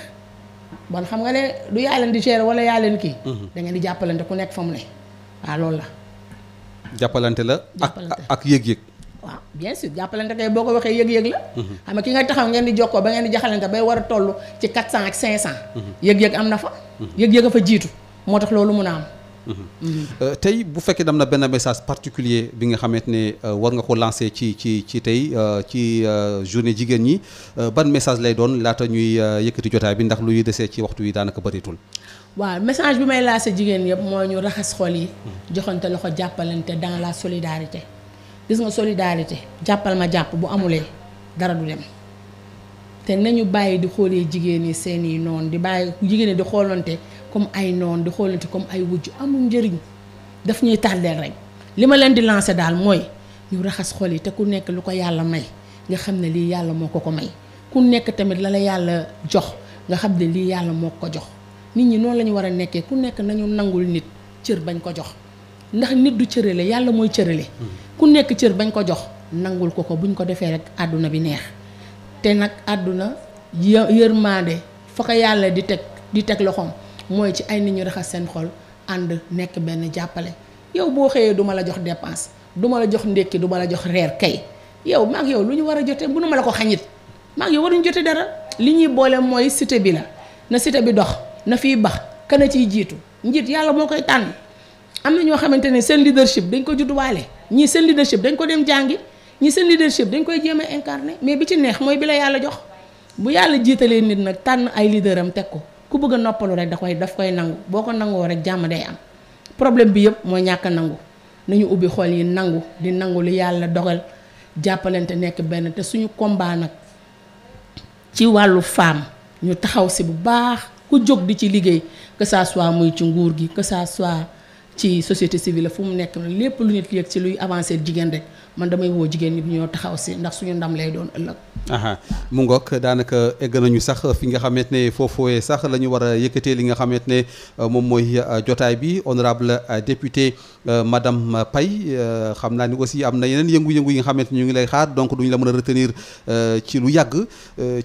bon xam nga ne du yaa leen di gérer wala yaa leen kii. Mhm. da ngeen di jàppalante ku nekk fa mu ne waaw loolu la. jàppalante la ak ak yëg-yëg. waaw bien sûr jàppalante kay boo ko waxee yëg-yëg la. Mhm. xam nga ki nga taxaw ngeen di jokkoo ba ngeen di jaxalante bay war a toll ci 400 ak 500. Mhm. yëg-yëg am na fa. yëg-yëg a fa jiitu moo tax mun a am. Euh, tey bu fekkee dam na benn message particulier bi nga xamante ne euh, war nga ko lancer ci ci ci tey euh, ci journée jigéen ñi ban message lay doon laata ñuy yëkkati jotaay bi ndax luy desee ci waxtu yi daanaka bëreetul. waa message bi may lancer jigéen yëpp moo ñu raxas xol yi. joxante loxo jàppalante dans la solidarité gis nga solidarité jàppal ma jàpp bu amulee dara du dem. te nañu bàyyi di xoolee jigéen ñi seen i noonu di bàyyi jigéen di xoolante. comme ay noon di xoolante comme ay wujj amul njëriñ daf ñuy tardeel rek li ma leen di lancé daal mooy ñu raxas xol yi te ku nekk lu ko yàlla may nga xam ne lii yàlla moo ko ko may ku nekk tamit la la yàlla jox nga xam ne lii yàlla moo ko jox nit ñi noonu la ñu war a nekkee ku nekk nañu nangul nit cër bañ ko jox ndax nit du cërale yàlla mooy cërale hmm. ku nekk cër bañ ko jox nangul ko ko buñ ko defee rek àdduna bi neex te nag àdduna yërmaande fa ko yàlla di teg di teg loxoom mooy ci ay nit ñu raxas seen xol ànd nekk benn jàppale yow boo xëyee duma la jox dépense duma la jox ndékki duma la jox reer kay yow maag yow lu ñu war a jotee bu nu ma la ko xañit maag yow waruñu jote dara li ñuy boole mooy cité bi la na cité bi dox na fiy bax kana ciy jiitu njiit yàlla moo koy tànn am na ñoo xamante ne seen leadership dañ ko judduwaale ñii seen leadership dañ ko dem jàngi ñii seen leadership dañ koy jéem a incarné mais bi ci neex mooy bi la yàlla jox bu yàlla jiitalee nit nag tànn ay leader am teg ko ku bëgg a noppalu rek da daf koy nangu boo ko nangoo rek jàmm day am problème bi yëpp mooy ñàkk nangu nañu ubbi xool yi nangu di nangu lu yàlla dogal jàppalante nekk benn te suñu combat nag ci wàllu femme ñu taxaw si bu baax ku jóg di ci liggéey que ça muy ci nguur gi que ça soit ci société la fu mu nekk lépp lu nit yëg ci luy avancer jigéen rek. man damay woo jigéen ñi ñoo taxaw si ndax suñu ndam lay doon ëllëg. mu ngoog daanaka egg nañu sax fi nga xamante ne foofooyee sax la ñu war a yëkkatee li nga xamante ne uh, moom mooy uh, jotaay bi honorable uh, député madame Paye xam naa ni aussi am na yeneen yëngu-yëngu yi nga xamante ñu ngi lay xaar donc duñu la mën a retenir ci lu yàgg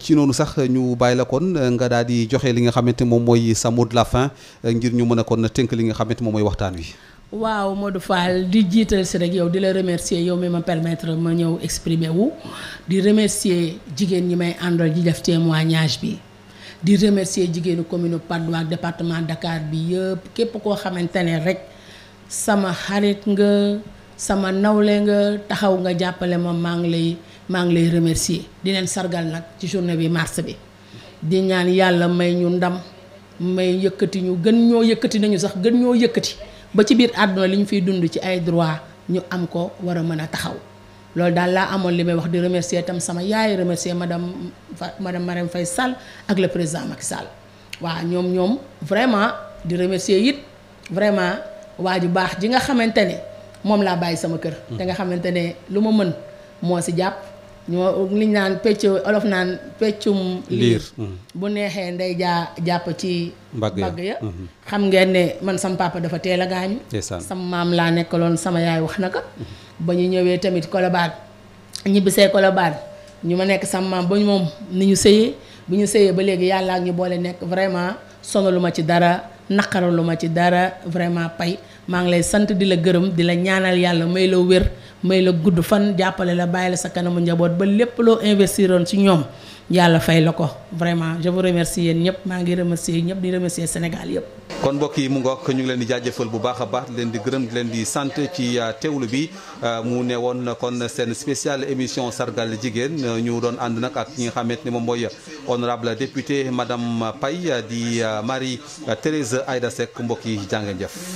ci noonu sax ñu bàyyi la kon nga daal di joxe li nga xamante moom mooy sa mot de la fin ngir ñu mën a kon tënk li nga xamante moom mooy waxtaan wi. waaw Modou Fall di jiital si rek yow di la remercier yow mi ma permettre ma ñëw exprimer wu di remercier jigéen ñi may àndal di def témoignage bi di remercier jigéenu commune Patte d'Oie ak département Dakar bi yëpp képp koo xamante ne rek sama xarit nga sama nawle nga taxaw nga jàppale ma maa ngi lay maa ngi lay remercier di leen sargal nag ci journée bi mars bi di ñaan yàlla may ñu ndam may yëkkati ñu gën ñoo yëkkati nañu sax gën ñoo yëkkati ba ci biir àdduna li ñu fiy dund ci ay droit ñu am ko war a mën a taxaw loolu daal laa amoon li may wax di remercier tam sama yaay remercier madame madame Marème fay Sall ak le président Macky Sall waaw ñoom ñoom vraiment di remercier it vraiment waa ju baax ji nga xamante ne moom laa bàyyi sama kër. Mm. te nga xamante ne lu ma mën moo si jàpp. ñoo liñ naan pecc olof naan peccum liir bu neexee nday jaa jàpp ci mbagg ya mhm. xam ngeen ne man sam papa dafa teel a gaañu sam maam laa nekkaloon sama yaay wax naka mhm. ba ñu ñëwee tamit Colobane ñibbisee Colobane ñu ma nekk sam maam ba moom ni ñu sëyee bu ñu sëyee ba léegi yàlla ak ñu boole nekk vraiment sonaluma ci dara naqaralu ma ci dara vraiment pay maa ngi lay sant di la gërëm di la ñaanal yàlla may loo wér may la gudd fan jàppale la bàyyi la sa kanamu njaboot ba lépp loo investiroon ci ñoom yàlla fay la ko vraiment je vous remercie yéen ñëpp maa ngi remercier ñëpp di remercier Sénégal yëpp. kon mbokk yi mu ngook ñu ngi leen di jaajëfal bu baax a baax di leen di gërëm leen di sant ci euh, teewlu bi euh, mu ne woon kon seen spécial émission sargal jigéen ñu doon ànd nag ak ñi nga xamante ni moom mooy honorable député madame pay di euh, Marie Thérèse Aïda Seck mbokk yi jàngeen jëf